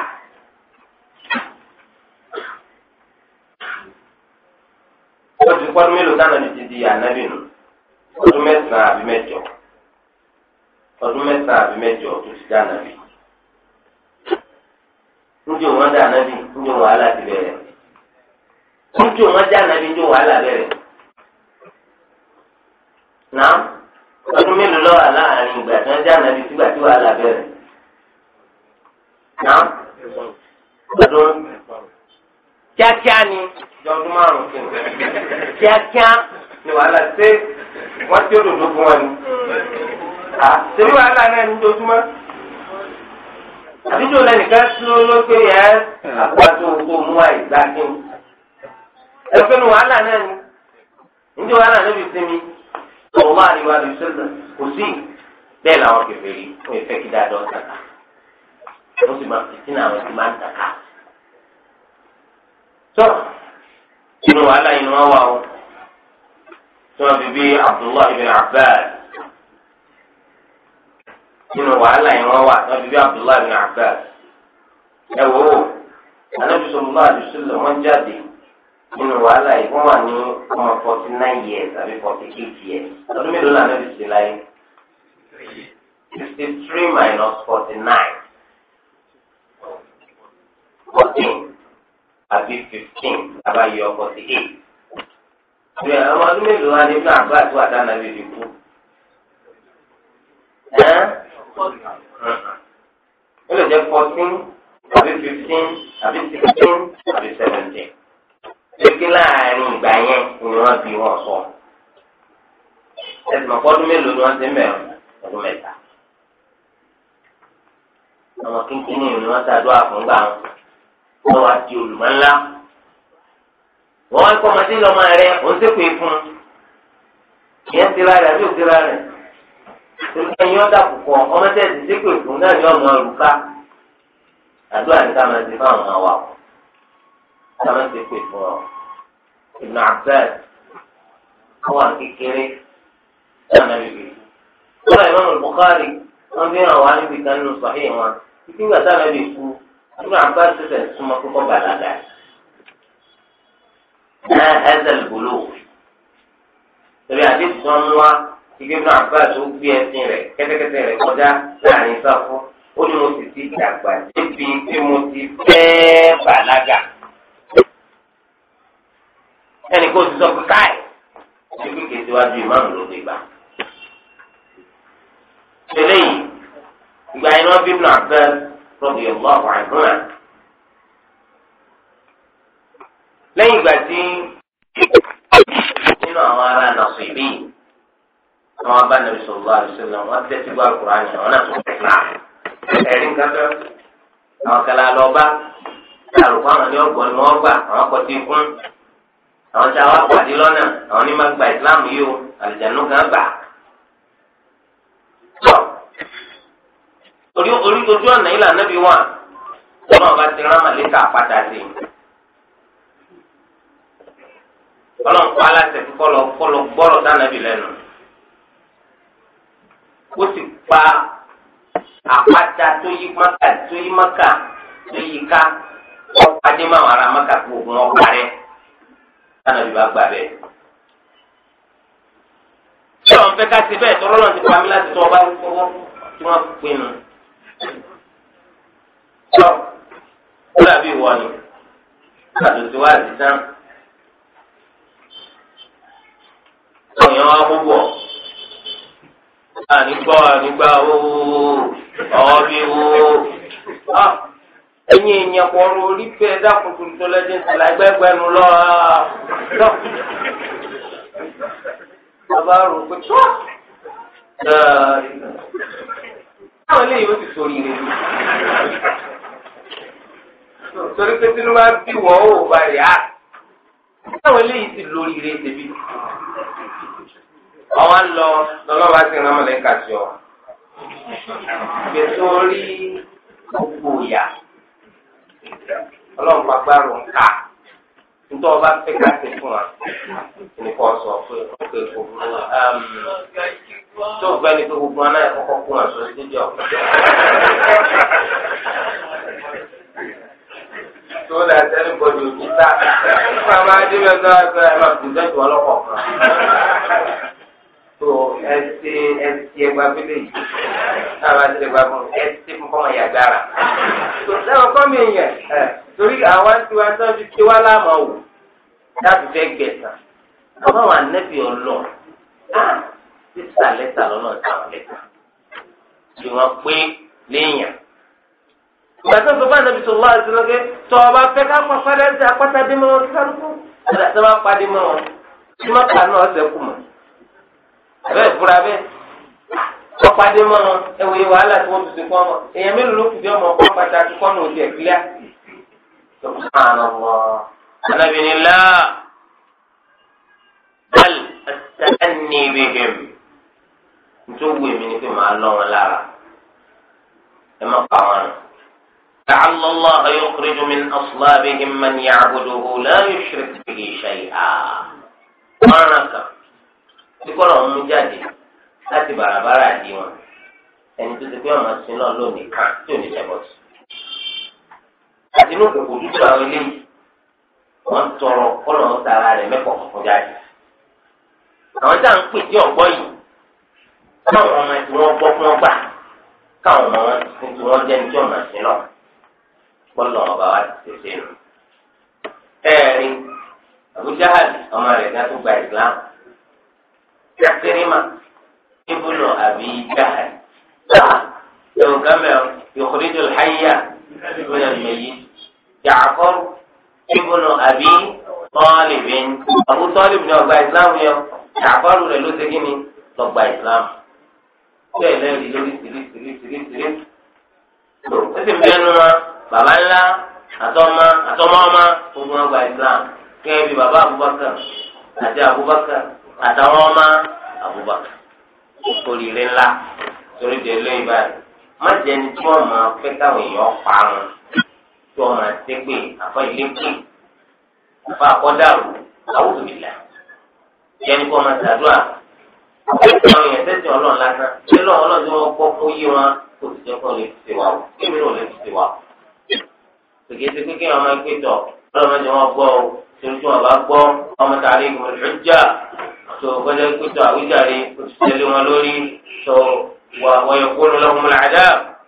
oṣù pọ́n mélòó táwọn ẹni ti di ànábì nù ọdún mẹ́sàn-án àbí mẹ́jọ ọdún mẹ́sàn-án àbí mẹ́jọ tó ti dá ànábì. níbi òun dá ànábì níbi òun wàhálà ti bẹ̀rẹ̀ níbi òun dá ànábì níbi òun wàhálà bẹ̀rẹ̀. náà. ọdún mélòó lọ́wọ́ láàrin ìgbà tí wọ́n já nàbí sígbà tí wàhálà bẹ̀rẹ̀ náà ọdún kíákíá ni ọdún márùn-ún fún un kíákíá ni wàhálà ṣe wọ́n tí ó dòdò fún wọn ni àtẹ̀wé wàhálà náà ní dojúmọ́ àdúgbò lẹ́nìkan tí ó ló pé yẹ àgbàdo oko mú àìgbá kí ni ẹgbẹ́ nu wàhálà náà ni níjẹ́ wàhálà níbi sinmi. sọ̀rọ̀ àríwá rẹ̀ sílẹ̀ kò sí bẹ́ẹ̀ làwọn kèfèrí wọ́n fẹ́ kí dáadọ́ tàkà wọ́n sì máa fìtí náà wọ́n sì máa ń tàkà. inú wàhálà inú wọn wà tí fi bí Abdullahi bin Abbas inú wàhálà inú wọn wà tí fi bí Abdullahi nínú wàhálà yìí wọ́n wà ní ọmọ forty nine years àbí forty eight years ọdún mélòó lànà ti ṣe láyé sixty three minus forty nine fourteen àbí fifteen àbáyọ forty eight ìwé àwọn ọdún mélòó wà nínú àgbà àti wàdà náà lè dìbò ó lè jẹ́ fourteen àbí fifteen àbí sixteen àbí seventeen. ekele láàrin ìgbà yẹn ni wọ́n bí wọ́n sọ. ẹ̀sìn ọ̀pọ̀dún mélòó ni wọ́n ti mẹ́rin ọdún mẹ́ta. àwọn kínkínní ni wọ́n ṣàdúrà fún gbà wọn wá di olùmọ̀ ńlá. wá kọ́ ọmọdé òun fún ti àbí yín ọ̀dà ọmọdé ti fún náà sábà ti pè fún ọ ìnà abdul àwọn akékeré sábà bèbè wọn àyè mọ́mọ́ Bukhari wọn fi hàn wá níbi kan nínú sọ̀hí wọn títí nígbà sábà bèbè kú ìnà abdul ṣẹṣẹ súnmọ́ kókó bàlágà náà ẹsẹ̀ gbòòlò tẹ̀lé àti sọ́nù wa ike fún àbá tó gbé ẹsìn rẹ̀ kẹ́tẹ́kẹ́tẹ́ rẹ̀ kọjá láàrin sáfù ó ní mo sì ti dàgbà débi tí mo ti fẹ́ bàlágà. ẹnì kó ti sọ pé káì ṣé kí kìí síwájú ìmáàmù ló gbé gbà. tẹ́lẹ̀ yìí ìgbà iná bí nù àwọn àìsàn lẹ́yìn ìgbà tí nínú àwọn ará nàṣọ ìbí àwọn wọn àyàn náà àwọn alọba àwọn ní àwọn tí a wá pàdé lọ́nà àwọn ní máa gba ìsìláàmù yìí o àlìjánu kan gbà. orí orí ojú ọ̀nà yìí lànà bí wọ́n wọn náà bá ti rán màlẹ́kà padà sí i. ọlọ́run pa aláṣẹ fún kọ́lọ́ kọ́lọ́ gbọ́rọ̀ sànàbì lẹ́nu. ó sì pa àpáta tó yí mọ́kà tó yí mọ́kà tó yí ká ọ̀pá dé máa wà ra kó oògùn ọ̀pá rẹ̀ tánàbí bá gbà bẹ́ẹ̀. tí wọn fẹ́ ká sí bẹ́ẹ̀ tọrọ náà ti pa mí láti tọ ọba fọwọ́ tí wọn pinnu. tọ ó dàbí ìwọ ni àtúntò wa ti tán. àwọn èèyàn wá gbogbo ọ ànígbọ́ ànígbà wó ọ̀ọ́ bí wó ẹ̀yin èèyàn kọrọ orí bẹ́ẹ̀ dákun tuntun lẹdí ìsìlẹ ẹgbẹgbẹnu lọ ọ bàbá rò pé tó àwọn eléyìí ó ti sori rẹ torí pé tinubu á bí wọ́n ó bá rí a àwọn eléyìí ti lórí rẹ débi ọwọ́n lọ lọ́lọ́wọ́ á ti rán mọ̀lẹ́ka sí ọ gbèsè orí gbogbo ìyá ọlọ́run pàgbárò ń kà nítorí ọba fẹ́ ká ti fún wa nìkan sọ pé ókè kò burú tó gbẹ́ ni pé gbogbo wọn náà kọ́kọ́ kó wọn sọ sí jọ. tó lè sẹ́ni bọ́dù òbí ta nípa máa dé bẹ́ẹ̀ sọ́wọ́ máa fi sẹ́tù ọlọ́kọ̀ọ̀kan. tó ẹsẹ ẹsẹ ẹgbà bílẹ̀ yìí táwa ti lè gba fún ẹsẹ fún kọ́mọ kọ́ mi yẹn torí àwa tiwa ti ti wá láàmú fẹ́ nẹ́bí ọlọ́ lẹ́tà lọ́nà táwọn lẹ́tà wọ́n pé léèyàn. ìgbà tó ń wá tó ọba fẹ́ ká mọ́ tó bá mọ́ àbẹ́ ìfura bẹ́ẹ̀ ọ̀pádé mọ́ wọn ẹ̀wọ̀ yìí wàhálà tí wọ́n tuntun kọ́ wọn èèyàn mélòó ló fi bí ọmọ ọkọ pàtàkì kọ́ ní òsì ẹ̀kílíà. anábìnrin lá bal ẹni ibi hìm nítorí èmi ni pé màá lọ wọn lára ẹ má pa wọn لعل الله يخرج من أصلابهم من يعبده لا يشرك به شيئا. ما tí kọ́ ọmụjade mú jáde láti bàràbàrà àdí wọn ẹni tó ti pé ọmọ sí náà lónìí kan tí ò ní tọrọ rẹ̀ mẹ́kọ̀ọ́ jáde. àwọn tá à ń pè ọ̀gbọ́ yìí káwọn ọmọ tí wọ́n gbọ́ fún ọgbà káwọn wọn tí wọ́n tí ọmọ sí náà ọba wa ti nù. ẹ̀ẹ́rin Ikrima ibnu Abi Jahal. Ẹ̀wọ̀n ah, kámẹ́ yukhrijul hayya minal mayyit. Ja'far ibnu Abi Talib. Abu Talib ni ọgbà ìsìlámù yẹn. Ja'far rẹ̀ ló ṣe kí ni lọ́gbà ìsìlámù. Bẹ́ẹ̀ lẹ́yìn lórí tìrí tìrí tìrí tìrí. Ó sì mẹ́nu wọn bàbá ńlá àtọ́mọ àtọ́mọ́ ọmọ gbogbo wọn gba ìsìlámù. Kẹ́ bí bàbá Abubakar àti Abubakar àtàwọn ọmọ Abubakar oríire ńlá torí de lóyún báyìí má jẹ ní tí wọn máa fẹ́ káwọn èèyàn parun tí wọn máa ṣe pé àfọ ilé pè àfọ àkọdàrú àwùjọ ìlà jẹ ní kí wọn máa ṣàdúrà àwọn èèyàn tẹsán Ọlọ́run lásán ṣé lọ́wọ́ Ọlọ́run tí wọn gbọ́ kó yé wọn kó sì jẹ kó lè ṣe wà ó kí mi ò lè ṣe wà ó kèkéṣe pé kéèyàn máa gbé tọ Ọlọ́run tí wọn gbọ́ o tí wọn bá gbọ́ ọmọ tààrí ìgbìmọ̀ ìjọ tó kọjá kútó àwíjàre kótó tẹ̀lé wọn lórí tó wà wọ́n yẹ kó lọ́wọ́ mọ́lá àdá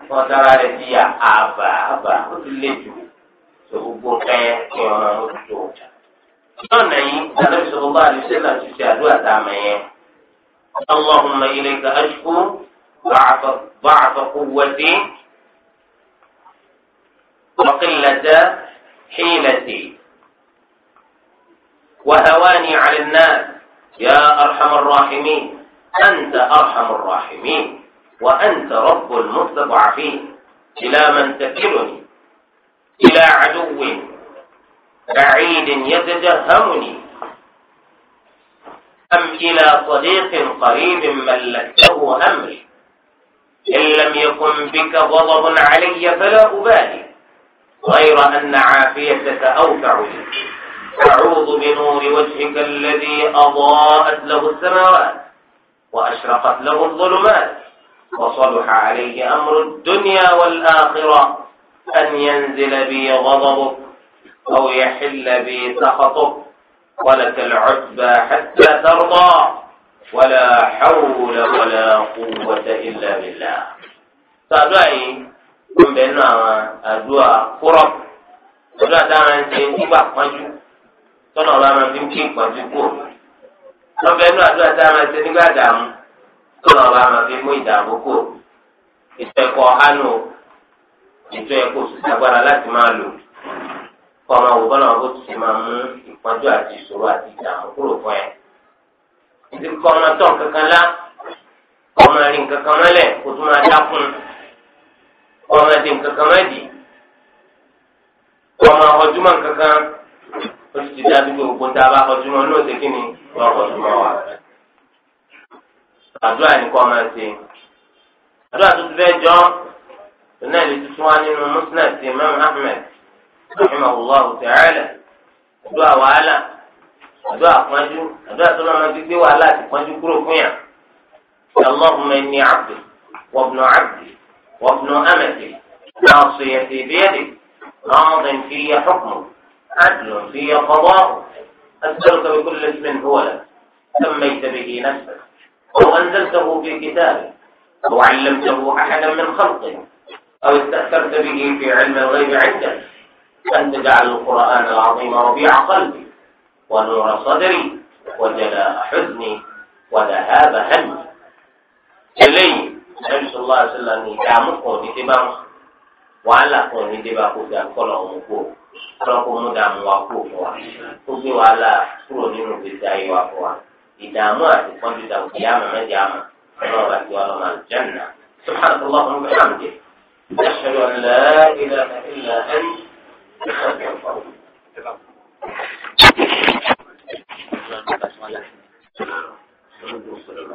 wọn dára rẹ̀ ti yà àbà àbà ó ti lé jù tó gbogbo kẹ́yẹ kí wọn ó tó. lọ́nà yìí dáná sọ̀rọ̀ bá àdìsẹ́ náà ṣe àdúrà tá a mọ̀ yẹn. اللهم إليك أشكو ضعف ضعف قوتي وقلة حيلتي وهواني على الناس يا أرحم الراحمين أنت أرحم الراحمين وأنت رب المستضعفين إلى من تكلني إلى عدو بعيد يتجهمني أم إلى صديق قريب ملكته أمري إن لم يكن بك غضب علي فلا أبالي غير أن عافيتك أوفع لي أعوذ بنور وجهك الذي أضاءت له السماوات وأشرقت له الظلمات وصلح عليه أمر الدنيا والآخرة أن ينزل بي غضبك أو يحل بي سخطك ولك العتبى حتى ترضى ولا حول ولا قوة إلا بالله سأدعي من بيننا أدعى قرب أدعى دعنا نتين إبا قنجو tọ́nà ọ̀rọ̀ àwọn fi ń kí ìpọ́njú kúrò lọ́bẹ̀ inú àdúrà tá a máa ṣe nígbà dààmú tọ́nà ọ̀rọ̀ àwọn fi mú ìdààmú kúrò ètò ẹ̀kọ́ hánú ètò ẹ̀kọ́ sùsàgbára láti máa lò kọ́ ọmọ wò bọ́lá ọ̀bọ̀ tó ti máa mú ìpọ́njú àti ìṣòro àti ìdààmú kúrò fún ẹ. ìdí kọ́ ọmọ tán kankan lá kọ́ ọmọ rí nǹkan kan mọ́lẹ̀ kó tó máa dákun kọ́ ọmọ dín nǹkan mọ́ ó sì ti di pé gbogbo tá a bá kọjú mọ́ lóòótọ́ kí ni wọ́n kọjú mọ́ wa. àdúrà ní kọ́ máa àdúrà tó ti fẹ́ jọ lè tuntun wá nínú ti imam ahmed àdúrà wàhálà àdúrà àdúrà tó lọ́mọ ti gbé wàhálà kúrò fún yà. عدل في قضاء أسألك بكل اسم هو لك سميت به نفسك أو أنزلته في كتابك أو علمته أحدا من خلقك أو استأثرت به في علم الغيب عندك أن تجعل القرآن العظيم ربيع قلبي ونور صدري وجلاء حزني وذهاب همي إلي النبي صلى الله عليه وسلم kan ní débà وعلى kan ní débà kó ọlọ́kọ̀ mú dààmú wa kúrò fún wa ó gbé wàhálà kúrò nínú gbèsè ayé wa fún wa ìdààmú àti pọ́njú dàrú kì í àmà mẹ́jẹ àmà ọlọ́run bá ti wà lọ́mọ àjẹnà subhanahu tó ta'ala wa hamdi mi an la ilaha illa anta وعلى آله وصحبه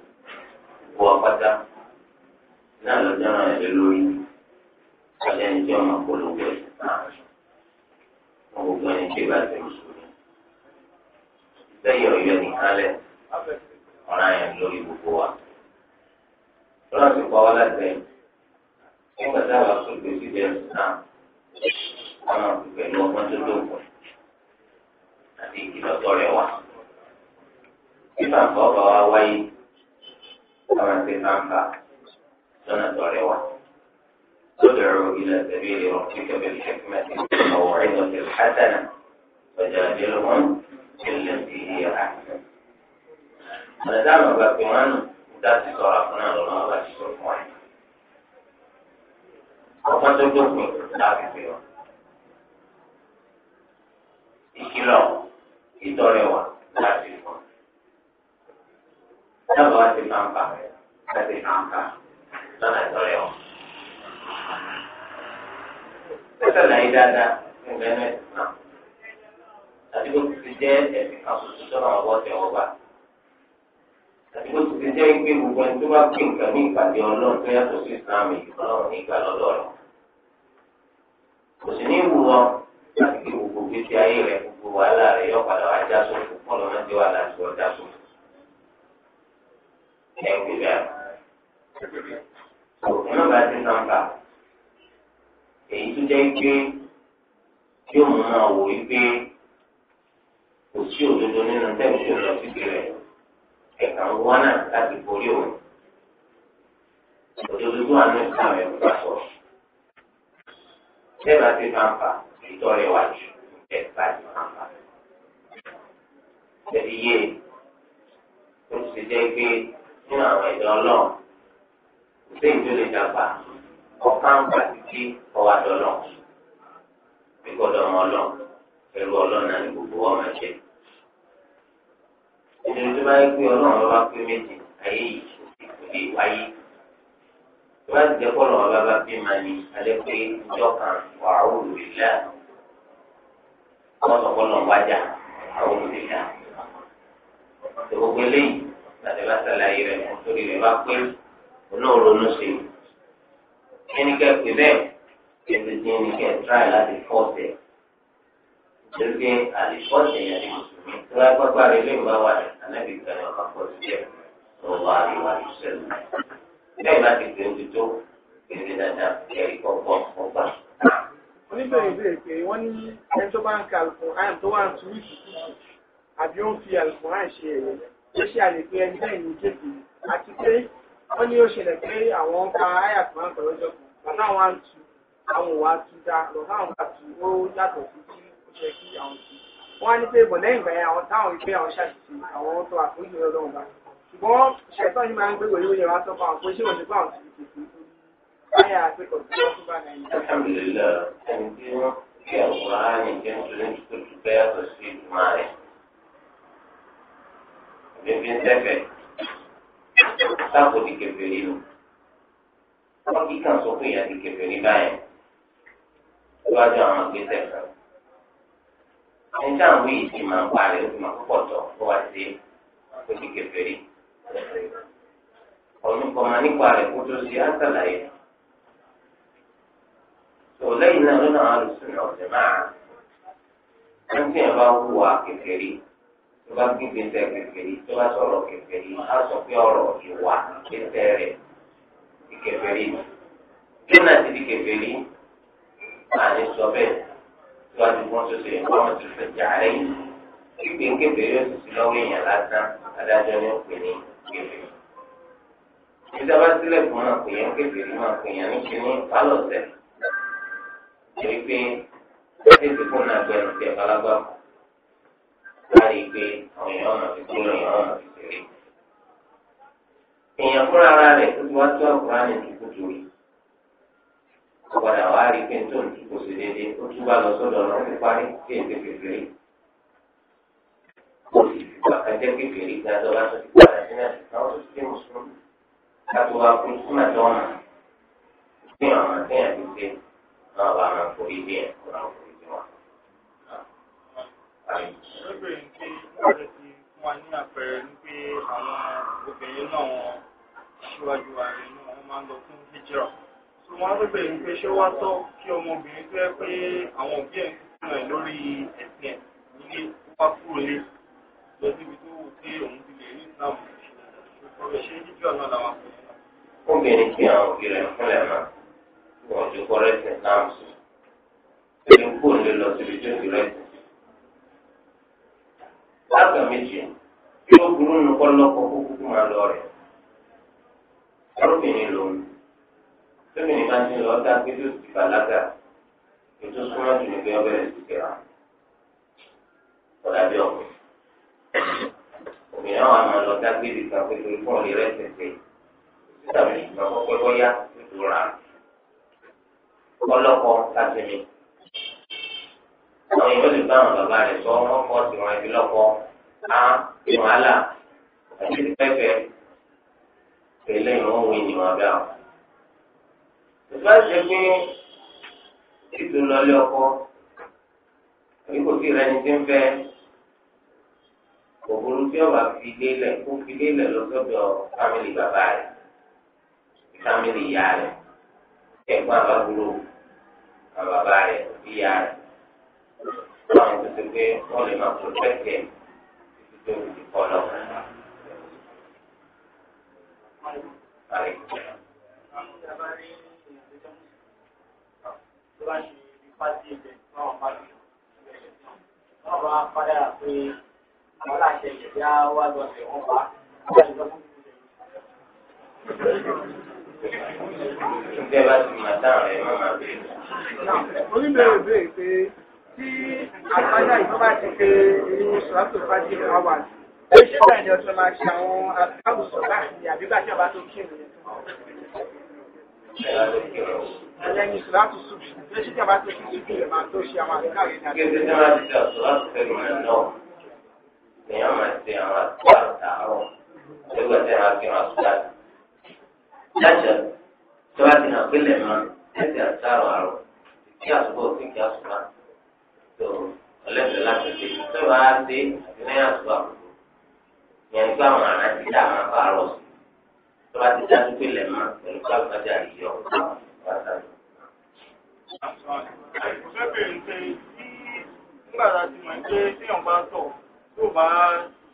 gbogbo ọpátá náà lọ́jọ́ náà lé lórí ọjọ́ ẹni tí ọmọ polówó ẹ̀ náà wọn gbogbo ẹni tí ìbá ti mùsùlùmí. lẹ́yìn ọ̀yọ́ nìkan ọ̀ràn yẹn lórí gbogbo wa. lọ́nà ti pa wá láti ẹ̀ nígbà táwọn aṣojú ti jẹ́ náà ọmọ pẹ̀lú ọgbọ́n tó dókun àti ìkìlọ̀ tọrẹ wa. bí màá kọ́ ọba wa wáyé. àwọn ẹgbẹ́ máa ń bá lọ́nà تدعو إلى سبيل ربك بالحكمة والموعظة الحسنة وجادلهم بالتي هي أحسن. ما دام بقول أنا ذات صورة فلان ولا ما بقول صورة ọ̀pọ̀ tó dókun láti fi dábàá wá sí pàmpà láti pàmpà lọ́nà ìtọ́rẹ́ ọ̀. Pẹ́sẹ̀ láyé dáadáa fún bẹ́ẹ̀ náà àti bó ti ti jẹ́ ẹ̀sìn kan tuntun sọ́nà ọwọ́ tẹ̀ wọ́n bá. Àti bó ti ti jẹ́ pé gbogbo ẹni tó bá gbé nǹkan ní ìpàdé ọlọ́run tó yàtọ̀ sí ìsìlámù ìfọlọ́run ní ìgbà lọ́dọ̀ ẹ̀ ń gbé bẹ́ẹ̀. Òfin náà bá ti nàmbà. Èyí tó jẹ́ pé yóò mú máa wò yí pé kò sí òdodo nínú tẹ́lifí ọ̀nà síbi rẹ̀. Ẹ̀ka ń wá náà láti borí òun. Òdodo tó wà ní ìsàmì ẹ̀rù bá sọ̀rọ̀. Bẹ́ẹ̀ bá ti nínú àwọn ẹ̀dá ọlọ́run kò sí ìjọ lè dàgbà ọkàn gbà títí ọwà dọ́lọ́ gbígbọ́dọ̀ ọmọ ọlọ́run ẹ̀rù ọlọ́run náà ní gbogbo wọn máa jẹ. ìdílé tó bá yẹ pé ọlọ́run lọ́ba pé méjì ayé yìí kò lè wáyé tó bá kọ́lọ̀ ọba bá bí máa ní alẹ́ pé ìjọ kan wà á wùlò ìlà wọ́n sọ kọ́lọ̀ wájà àwọn olùdíjà. Ìgbòho láti bá sàlàyé rẹ̀ mọ́ torí rẹ̀ bá pé onóòrónú sí i. ẹni kẹ́kẹ́ bẹ́ẹ̀ kẹ́kẹ́ tí ẹni kẹ́ tíráì láti fọ́ọ̀tẹ̀. nítorí pé àlìfọ́ọ̀tẹ̀ yẹn ni mùsùlùmí tó bá gbàgbà rẹ̀ lè bá wà lẹ́sànẹ́bí kan ní ọkọ̀ fọ́ọ̀tì jẹ́ ọ̀wọ́ àríwá ìṣẹ̀lẹ̀. bẹ́ẹ̀ bá ti gbé ojú tó kẹ́kẹ́ dáadáa kẹ́rì kọ́kọ́ ọgbà. oníbẹ̀rẹ̀ bẹ̀rẹ̀ pé wọ́n ní ẹni tó bá ń ka àlùkò àyàn tó wà ń tu wíìkì àbí ó ń fi àlùkò àyàn ṣe ẹ̀yẹ ó ṣe àlèpé ẹni bẹ́ẹ̀ ní kéèkì àti pé wọ́n ní ó ṣẹlẹ̀ pé àwọn ka àyà kan kan lọ́jọ́ kan bàbá àwọn àtú àwọn òwà tú dá bàbá àwọn àtú ó yàtọ̀ sí tí ó ṣe kí àwọn tú. wọ́n á ní pé bọ̀ lẹ́yìn ìgbà yẹn àwọn táwọn ìgbé àwọn ṣàṣìṣe àwọn tó àforíjì ọlọ́run bá ṣùgbọ́n ṣẹ̀tọ́ ni máa ń gbé wòye wòye wá sọ fún àwọn ṣé òṣèlú àwọn ti fi tètè láyà àpékọ̀ tó bá nàìjíríà bèbí sẹ́fẹ̀ sáàpù di kèfèrí nù wọ́n kí kàn sọ pé ìyá di kèfèrí báyẹn síwájú àwọn agbésẹ̀ kan ẹni tí àwọn yìí ti máa ń parẹ́ ó ti máa púpọ̀ tọ̀ kó wá sí kó di kèfèrí ọ̀nù kọ̀ọ̀mà nípa rẹ̀ kó tó ṣe àtàlàyé tó lẹ́yìn náà lọ́nà àlùsùn náà ọ̀sẹ̀ máa ń tí ẹ̀ bá wù wá kèfèrí tó bá gbé gbèsè kèfèrí tó bá sọ̀rọ̀ kèfèrí á sọ pé ọ̀rọ̀ ìwà gbèsè rẹ̀ ti kèfèrí mi lónà ti di kèfèrí máa ní sọ bẹ́ẹ̀ tó bá ti gbọ́n sọ̀sẹ̀ wọ́n ti fẹ̀ jà rẹ̀ yìí gbígbé kèfèrí ó sì sí lọ́wọ́ èèyàn lásán adájọ́ ni ó pè ní kèfèrí. ìjọba sílẹ̀ fún máa pè yẹn kèfèrí máa pè yẹn ní kíní pálọ̀sẹ̀ torí pé ó ti ti fún náà gbẹnu tẹ̀ balagbà kù láti gbé àwọn èèyàn máa fi kúrò èèyàn máa fi tẹ̀lé. èèyàn fúnra ara rẹ̀ tó ti wá tó àkùránì dúkú torí. ọ̀padà wàá rí pé tó ń dúkú sí déédéé ó túbà lọ sọ́dọ̀ ọ̀nà ti parí kí èdè kékeré. ó sì fi pàkàjẹ́ kékeré gbàdọ̀ láti fi padà sí náà ṣùgbọ́n ó ti mùsùlùmí. láti wá kú sí màdọ́nà. ìpín àwọn àtẹ̀yàn ti ṣe àwọn àbámọ̀ forí bí ẹ̀ kọ́ra lóbìnrin pé ọ̀rẹ́ ti fún wa ní àpẹẹrẹ ní pé àwọn obìnrin náà wọn síwájú ààrẹ náà wọ́n máa ń lọ fún hijira tó wọ́n lóbìnrin pé ṣé wá tọ́ kí ọmọbìnrin tó yẹ pé àwọn òbí ẹ̀ ń fún ẹ̀ lórí ẹ̀sìn ẹ̀ nílé wá kúrò lé lọ síbi tó wù pé òun ti lè rí ìsìláàmù ọ̀rẹ́ ṣe hijira náà làwọn àpẹẹrẹ náà. obìnrin tí àwọn òbí rẹ̀ fúnlẹ̀ máa wọ́n ti kọ́ rẹ̀ sẹ̀ náà sùn. ẹni kúrò lé lọ síbi tó ti rẹ̀ sùn lágbà méjì tí ó burú nù kọ́lọ́kọ́ kó kúkú máa lọ rẹ̀ arúbìnrin lòun tóbìnrin máa ti lọ dá pé tó ti bàlágà ètò súnmọ́ jù ní pé ọbẹ̀ rẹ̀ ti kẹ́ra ọ̀dàbí ọkùnrin obìnrin àwọn àmọ́ lọ dá pé ìdìgbà pé torí fún òní rẹ̀ tẹ̀sẹ̀ tàbí ṣùgbọ́n kọ́kọ́ bọ́yá ètò rà kọ́lọ́kọ́ láti mi àwọn èèyàn lè bá àwọn bàbá rẹ̀ sọ wọ́n fọ́ sí wọn ẹbí lọ́kọ́ á fi wàhálà àti pẹ́pẹ́ pẹ̀lẹ́ ìwọ̀n òun ènìyàn bá wọn. ìfẹ́ ṣe pé ètò ìlọlé ọkọ èyí kò sí rẹ ní ti ń fẹ́ òbúrú tí ọba fi lélẹ̀ kó fi lélẹ̀ lọ́sọ̀dọ̀ fámìlì bàbá rẹ̀ fámìlì ìyá rẹ̀ ẹ̀gbọ́n àbábúrò àbàbá rẹ̀ ìyá rẹ̀. Wọ́n á ń pèsè pé wọ́n lè máa pòtẹ́kẹ̀ẹ́ pé o ti kọ́ lọ. Ìjọba ti màtá rẹ̀ máa ma bẹ̀rẹ̀. Oníbẹ̀rẹ̀ bẹ̀rẹ̀ pé tí àpáyà ìjọba ti ṣe irú sọ́tò fájì àwà ẹ ṣé báyìí ni ọ̀tún máa ṣe àwọn àbúrò láàrin àbígbà tí ọba tó kí ìrìn ẹlẹ́yìn ìṣúlátù ṣùgbì lẹ́ṣin tí a bá tó kí ṣùgbì rẹ̀ máa tó ṣe àwọn àbíkà rẹ̀ dáadáa. gẹ́gẹ́ bí wọ́n ti ṣe àṣọláṣọ pẹ̀lú ẹ̀ náà ni máa ṣe àwọn àṣọ àtàwọn ẹgbẹ́ tí a máa fi hàn àṣọ àti. tí wọ́n ti hàn pé lẹ́ẹ̀ma tó ọlẹ́sẹ̀ láti ṣe tó bá a ṣe àti lẹ́yìn àtúbà yẹn nípa àwọn ará ti dá àwọn afárọ̀ sí tó bá ti dájú pé lẹ̀ máa pẹ̀lú káàkiri àríyọ pàtàkì. Ìfẹ́ bèrè ṣe tí nígbà tá a ti mọ̀ pé tí èèyàn bá tọ̀ tó bá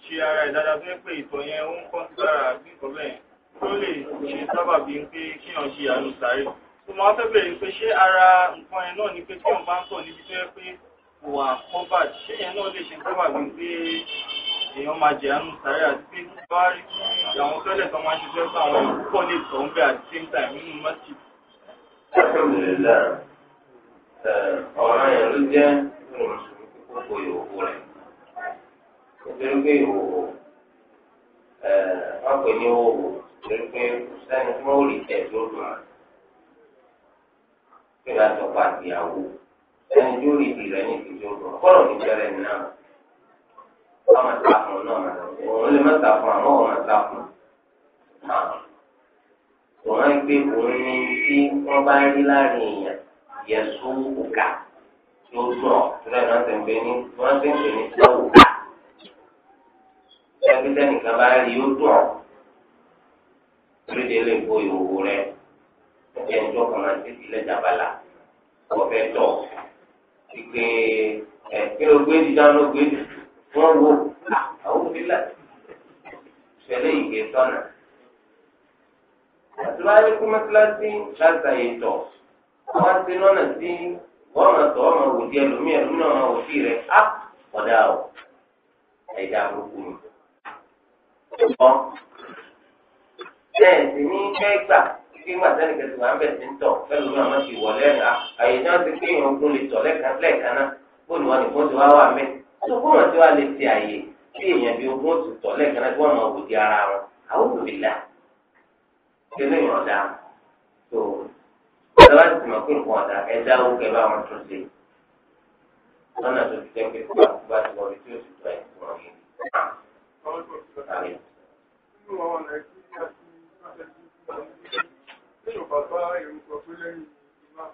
ṣe ara ìdájọ́ tó ń pè ìtọ̀ yẹn ó ń kọ́ sí lára àti ìkọ̀ bẹ́ẹ̀ tó lè ṣe sábàbí pé kíyàn ṣe àánú sáré. Mo máa fẹ́ bèrè pé ṣé ara nǹkan ẹ̀ náà ni pé kíyàn bá ń tọ̀ níbi tó yẹ pé wà kọ́bà ṣẹ́yìn náà lè ṣe kọ́bà gbé èèyàn máa jẹ àánú sáré àti pé bá rí àwọn fẹ́lẹ̀ tó máa ń ṣiṣẹ́ fún àwọn púpọ̀ lè tọ̀ ń bẹ àti same time nínú mọ́tì. alhamdulillah ọ̀ràn yẹn ló jẹ́ gbogbo ìhòòhò rẹ̀ nítorí pé ìhòòhò wọ́n pè ní ìhòòhò nítorí pé sẹ́ni tí wọ́n tó dùn án. pé láti ọ̀pá àgbéyàwó ẹni tó rí ìdí rẹ ní ìdíjọ lọ kọ́rọ̀ ní jẹrẹ náà wọ́n máa ta fún un náà máa òun lè má ta fún àmọ́ òun máa ta fún náà òun á gbé òun ní tí wọ́n bá rí láàrin èèyàn yẹ̀sù òkà tí ó sọ ìrẹ́ náà ti ń pè ní wọ́n ti ń pè ní tí ó òkà ẹgbẹ́ bá rí ó dùn ọ́ torí délé bo ìhòòhò rẹ ẹ̀jẹ̀ ìjọ kan máa ń tètè lẹ́jà bàlá ọ̀fẹ́ tọ̀ ìpè ẹ kí ló gbé di dáná gbé di wọn wò ah, àwọn òbílẹ ìṣẹ̀lẹ̀ ìgbé sọnà àtúwárí kú mọ́tíláṣí láti àyètọ̀ wọn ti lọ́nà sí wọn máa tọ̀ wọn máa wò di ẹlòmíì ẹlòmíì náà máa wò sí rẹ á ah, ọ̀dà o ẹ̀dá burúkú ni. bẹ́ẹ̀ sì ní ẹgbàá kí ńgbà sẹ́ni kẹsì wà ń bẹ̀ sí ń tọ̀ fẹ́lú náà má ti wọ̀ lẹ́rìn á àyè náà ti pé ìrùn kún lè tọ̀ lẹ́ẹ̀kan lẹ́ẹ̀kan náà bóòlù wọn ni fún ti wá wà mẹ́. àtúkò wọn ti wá lè ti àyè kí èèyàn bí ogún ti tọ̀ lẹ́ẹ̀kan náà tí wọ́n máa wò di ara wọn àwọn òbílà kẹlẹ́ ìrọ̀ dá tó ìjọba ti mọ̀ pé nǹkan ọ̀dà ẹ dáwó kẹ bá wọn tún ṣe lọ́nà tó ti jẹ́ Thank you tí yóò bá bá èrò kan pé lẹ́yìn ìmá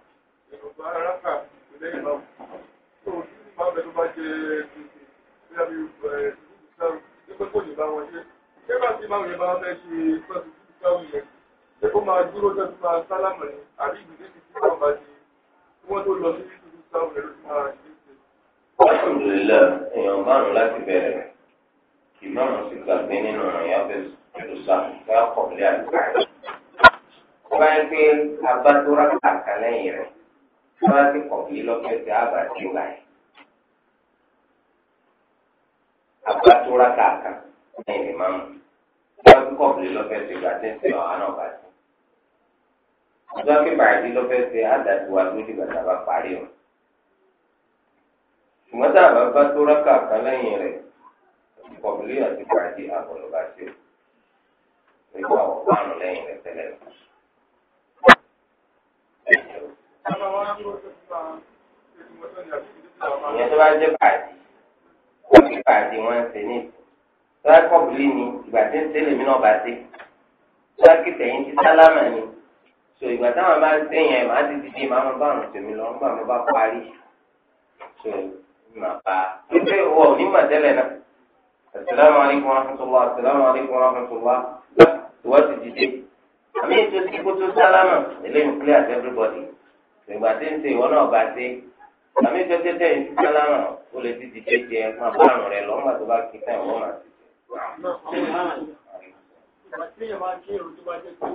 èrò bá rákà pé lẹ́yìn ìmá tó bá bẹ tó bá jẹ gbèsè bí a bí ṣùgbọ́n sáwù ní pé kò ní bá wọn ṣe ṣé bá ti báwọn yẹn bá fẹ́ ṣe pẹ̀lú ṣùgbọ́n sáwù yẹn ṣé kó máa dúró jẹ́ tó máa sálámù ni àbí ìgbésẹ̀ ti tí wọ́n bá ti kí wọ́n tó lọ sí ṣùgbọ́n sáwù yẹn ló ti máa ṣe. alhamdulilayi èèyàn márùn láti bẹ̀rẹ̀ ìmáàmù sì gbàgbé nínú ọ̀ràn yàgbẹ́ ìdùsà fẹ́ àkọ̀ọ́lẹ̀ àgbà ọba yẹn pé abatora kàkà lẹ́yìn rẹ̀ ọba ti kọ̀ọ̀kì lọ́kẹ́sẹ̀ abàtí wà yìí. abatora kàkà lẹ́yìn ìmáàmù ọba ti kọ̀ọ̀kì lọ́kẹ́sẹ̀ ìgbàtí ń sèwọ̀n àná bàtí. ọjọ́ pípa ìdí lọ́kẹ́sẹ̀ àdàtúwà lójú bàtà bá parí o. ṣùgbọ́n tá a bá bá tóra kàkà lẹ́yìn rẹ̀ kọ̀ọ̀kì àti pàdé àbọ̀lọ̀ bàtí o. tó bá jẹ́ bàdí wọ́n fi bàdí wọn ṣe ní tírákọ̀bìlì ni ìgbà tí ń sẹ́lẹ̀ mi náà bá dé tírákìtẹ̀ yín ti sálámà ni so ìgbà táwọn bá ń sẹ́yìn ẹ̀ máa ti dìde máa ń bá àrùn tèmi lọ nígbà mo bá parí so màá bá a pé wọ́n ò ní màtẹ́lẹ̀ náà asalaamu alaykum wa rahmatulah asalaamu alaykum wa rahmatulah ìwọ ti dìde àmì ètò ìkótó sálámà eléyìí clear to everybody ìgbà tí ń sè ìwọ náà bá dé àmì tẹ́tẹ́tẹ́ yìí ti sálámà ó lè ti dìde jẹ máa bá àrùn rẹ lọ́mọ tó bá kí sáyẹn wọ́n máa ti. ìgbà tí èèyàn máa kí èrò tó bá jẹ́ pé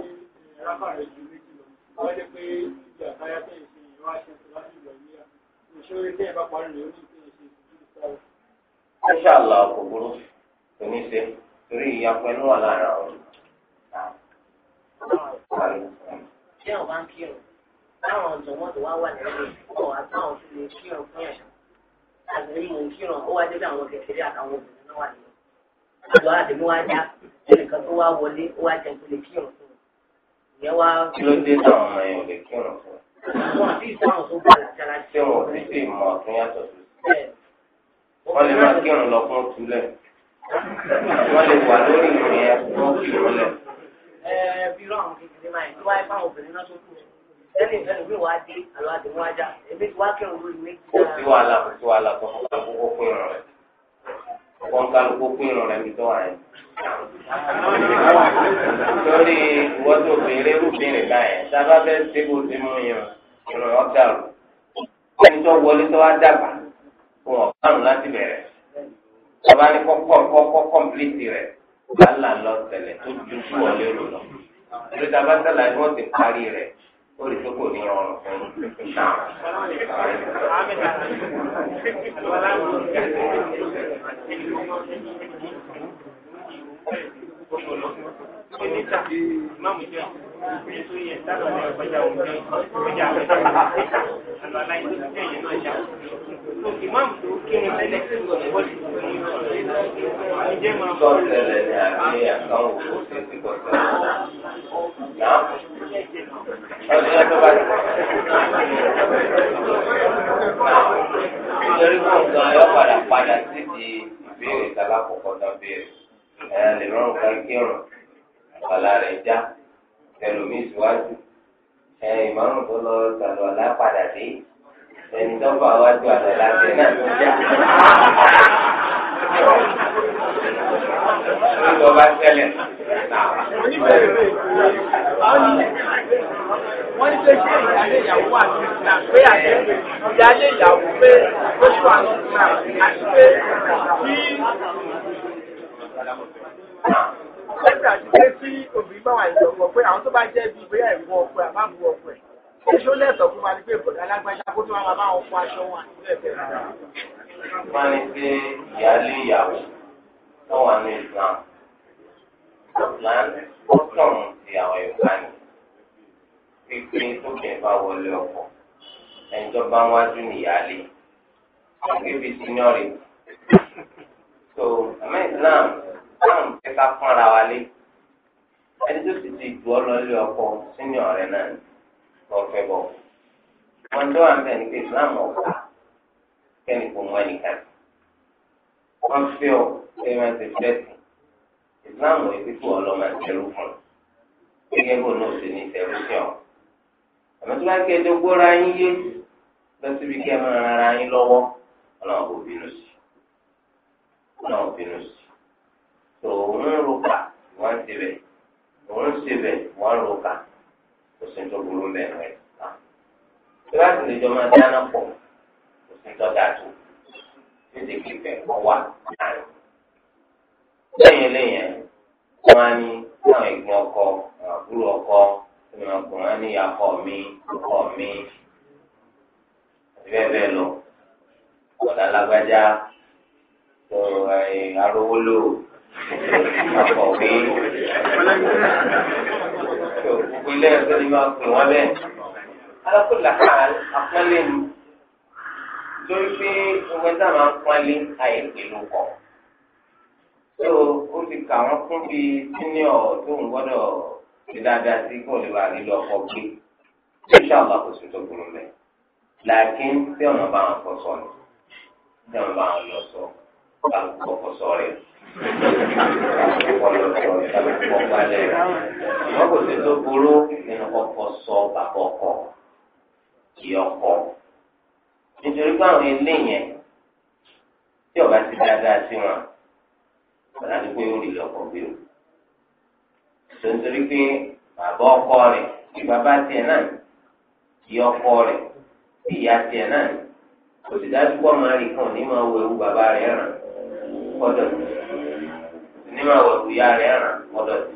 rábà rẹ̀ ju méjì lọ tó bá jẹ́ pé ìdí àkáyá tẹ̀yìn sí ìwà ṣe tó láti ìgbà yìí à ìṣòro tẹ̀yìn bá parí rẹ̀ ó ní tẹ̀yìn sí ìdílé burú kò ní ṣe torí ìyapẹ́ ló wà lára ọ̀run. ṣé ọ̀ táwọn ọ̀jọ̀gbọ́n tó wá wà nílẹ̀ ọ̀ àtàwọn tó lè kírun fún yàrá àgbẹ̀rí mò ń kírun ó wá dé àwọn kékeré àtàwọn obìnrin náà wà nínú àjọ àdèmí wá dá ẹnìkan tó wá wọlé ó wá jẹun tó lè kírun fún ìyẹn wá. kí ló dé táwọn ọmọ yẹn ò lè kírun fún un. wọn àbí ìtàn tó bá làjára jẹ wọn. wọn ò ní sí ìmọ̀ ọ̀tún sí. wọ́n lè máa kírun lọ fún túlẹ̀ wọ́n lè wà lórí ìrìn ẹ ẹni ẹlòmí wàá di àlọ́ àdìmú ajá èmi wàá kẹrù lórí mi. ó sì wà á kó sí wà á kó kálukú kó irun rẹ kó kálukú kó irun rẹ mi tó wà yẹn. torí ìwọ́dọ̀ obìnrin rúbìnrin báyẹn sábà bẹ́ẹ̀ ṣe kó ti mú yẹn irun ọ̀dà rò ẹni tó wọlé tó wá dàgbà fún ọ̀gbọ́n láti bẹ̀rẹ̀ ọba ní kọ́kọ́ kọ́kọ́ kọ́mpìlìtì rẹ̀ wàhálà lọ tẹ̀lẹ̀ tó ju fún ọ lérò lọ. ìrètà bá tẹ̀lé wọ́n ti parí rẹ̀ ó lè tó kò ní rọrùn fún náà. Thank you oníta máàmù jẹ ètò yẹn dáná ní ọgbẹjà oúnjẹ ọjà àgbẹjà níta àlọ aláìsí jẹ yẹn náà ṣá tó ìmáàmù tó kírun lẹlẹ tó lọ bọ sí ìwọ jẹ máa bọ lẹlẹ ní àárín àtàwọn òkú tó ti bọ sọ ọdún yẹn tó bá ti nítorí fún ọ̀gá yọ padà padà sí di ìbéèrè tálákòókò náà béèrè ẹ̀ lè rọrùn kan kírun ọ̀la rẹ̀ já ẹlòmíì síwájú ẹ ìmọ̀ràn tó lọ sàlọ̀ ọ̀la padà dé ẹni tó fà wájú àlọ́ láti náà tó já. Nígbà bá tẹ́lẹ̀ náà. Wọ́n ní pé ṣé ìyáálé ìyàwó wà ní pé àti ìyáálé ìyàwó pé ó ṣì wà àti pé kí ẹ̀sìn àti pé tí obìnrin bá wà ní ọkọ̀ pé àwọn tó bá jẹ́ bí ìgbéyà ìwọ ọkọ̀ àbá bu ọkọ̀ ẹ̀ èso lẹ́tọ̀ fún wa ní pé bọ̀dá alágbájá kó tó máa bá wọn fọ aṣọ wọn àti bẹ́ẹ̀ bẹ́ẹ̀ rárá. wọ́n ní pé ìyáálé ìyàwó tó wà ní Islam máa ń kọ́tọ̀n ti àwọn Yorùbá ni pínpín tó kẹ̀ bá wọlé ọkọ̀ ẹ̀ńjọ́ wájú ní ìyáálé àgbébí seniority. so àmì Islam. Islam ẹ ká fúnra wa lé ẹni tó sì ti jù ọ lọ lé ọkọ sínú ọ̀rẹ́ náà lọ fẹ́ bọ wọn tó wà ń bẹ ní pé Islam ọkà kẹni kò mọ ẹnìkan wọn fẹ́ ọ pé wọn ti fẹ́ sí Islam ò ti kú ọlọmọ ìtẹrù fún gẹ́gẹ́ bó náà sì ní ìtẹrù sí ọ àmọ́ tó bá kí gbóra yín yé lọ síbi kí ẹ máa rara yín lọ́wọ́ Ọlọ́run kò bínú sí Ọlọ́run bínú sí tó ń roka wọ́n ti bẹ̀ òun ti bẹ̀ wọ́n roka kò sí tó burú mẹ́rin rẹ̀ tí wọ́n ti lè jọ máa dáná pọ̀ kò sí tó dáa tó títí kíkẹ́ kọ́ wà láàrin. lẹ́yìn lẹ́yìn wọ́n á ní àwọn ìgbọ́n ọkọ àwọn àbúrò ọkọ ìmọ̀kùnrin á ní akọ mi ọkọ mi àti bẹ́ẹ̀ bẹ́ẹ̀ lọ ọ̀dà alágbájá tó arówó lóòrò akọ̀wé gbogbo ilé ẹ̀sẹ̀ ni máa pè wọ́n bẹ́ẹ̀. alákòlá kan àpọ́nlé ni lórí pé gbogbo ẹ̀dá máa ń pọ́nlé àìpè ló kọ̀. tó o ti kà wọ́n fún bí sínìọ̀ tó ń gbọ́dọ̀ ṣe dáadáa sí kó lè wà nílò ọkọ̀ gbé. ṣíṣe àwọn àkóso tó burú mẹ́. làákín tí ọ̀nà bá wọn kọ sọ ni tí ọ̀nà bá wọn lọ sọ bá ń Kalau ọkọ̀ sọ́ọ̀rẹ́ wọ́n kò sí tó burú nínú ọkọ̀ sọ bàbá ọkọ̀ kì ọkọ̀ nítorí pé àwọn ilé yẹn tí ọba ti dáadáa sí wọn ọ̀la ni pé ó rí lọ́kọ̀ bí o tó nítorí pé bàbá ọkọ rẹ̀ kí bàbá tiẹ̀ náà kì ọkọ rẹ̀ kí ìyá tiẹ̀ náà kò sì dájú pọ̀ máa rí kan kọ́dọ̀ sinimá wọ̀tú ya rẹ̀ hàn kọ́dọ̀ sí.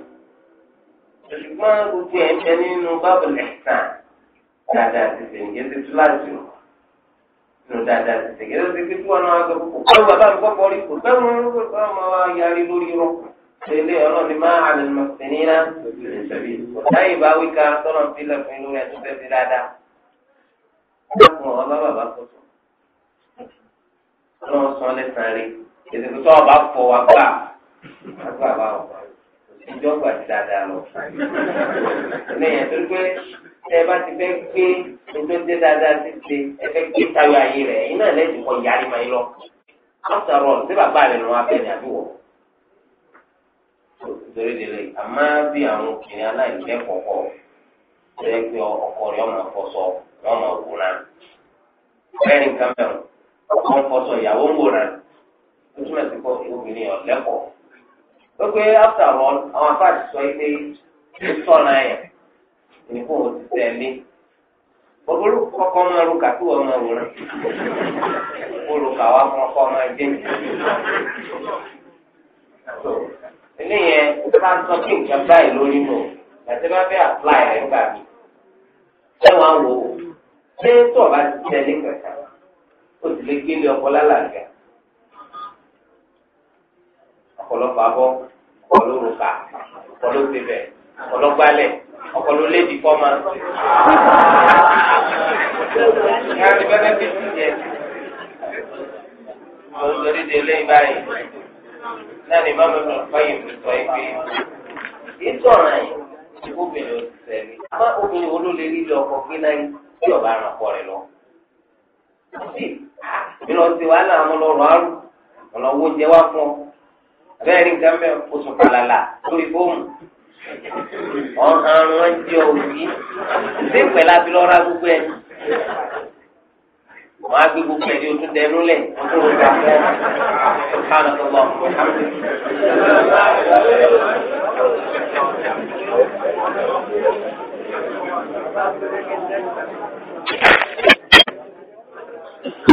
ṣùgbọ́n gbogbo ẹ̀ ń bẹ nínú bábùlù ẹ̀sán dáadáa ti sè ǹjẹ́ ti tú láti o nù dáadáa ti sè ǹjẹ́ ti fi tú ọ̀nà àgbẹ̀ kò kọ́ bàbá mi kọ́kọ́ rí kò bẹ́ẹ̀ mú kó kọ́ ọmọ wa yarí lórí rọ tẹlẹ ọlọ́ni máa àlè mọ̀sánínà láyé bá wíkà tọ́lọ̀ fi lẹ́kùn inú rẹ̀ tó fẹ́ fi dáadáa. ó dákun ọ̀rọ̀ bá bàbá kọ́tù. ọlọ́run sọ lẹ́sàn-án rí èsì tó ọba fọ wa gbà agbà wa o ìjọba ti dáadáa lọ. lẹ́yìn tó gbé tẹ ẹ bá ti fẹ́ gbé ojú ọjọ́ dáadáa ti ṣe ẹ fẹ́ gbé tayọ ayé rẹ̀ ẹ̀yin náà lẹ́yìn kọ́ yàrá ìmọ̀ yín lọ. after all ṣé bàbá rẹ̀ lọ́wọ́ abẹ́ni àbí wọ̀? torí délé àmọ́ bí àwọn obìnrin aláìlẹ́kọ̀ọ́ kọ̀ ṣe pé ọkọ rẹ̀ ọmọ àfọ̀sọ wọn máa wò náà. bẹ́ẹ̀ ni kámẹ́rù ọkọ ń fọṣọ ìyàwó ń wò náà ó túmọ̀ kọ́ obìnrin yàn ó pé after all àwọn afáàdì sọ pé ó sọ̀rọ̀ ẹ̀yàn nìkan ò ti tẹ̀ mí. Olú kọ́kọ́ máa ru kàtó wọn máa wòran. Olùkà wa fún ọkọ máa dé. Eléyẹn tó bá ń sọ kí nǹkan báyìí lórí mọ̀, àti bá fẹ́ àpláì rẹ̀ gbà mí. Ṣé wàá Ṣé tó o bá ti tẹ̀lé kankan? Ó ti lè gbélé ọkọ lálàáfíà ọ̀pọ̀lọpọ̀ abọ́ ọ̀pọ̀lọpọ̀ ọ̀pọ̀lọpọ̀ ọ̀pọ̀lọpọ̀ ọ̀pọ̀lọpọ̀ lédi fọ́mà. láti de lẹ́yìn báyìí náà ni mọ́mí mi ò fọyín mi sọ ibi ìtọ́ràn yìí obìnrin ò sẹ́ni. àmọ́ obìnrin olólèrí lọ ọkọ̀ gbé náà tí ọba àràpọ̀ rẹ̀ lọ. mi lọ sí wàhálà àwọn ọlọ́rọ̀ àrùn ọ̀nà owó jẹ wá fún ọ abẹ́rẹ́ rí nǹkan mẹ́rin oṣù kàlàlà lórí fóònù ọ̀hún wọn jẹ́ òbí ṣé pẹ̀lú abilọ́ ra gbogbo ẹ̀ wọn á gbé gbogbo ẹ̀ ní oṣù dẹnu lẹ̀ wọn tó rọra fún ọ kánà tó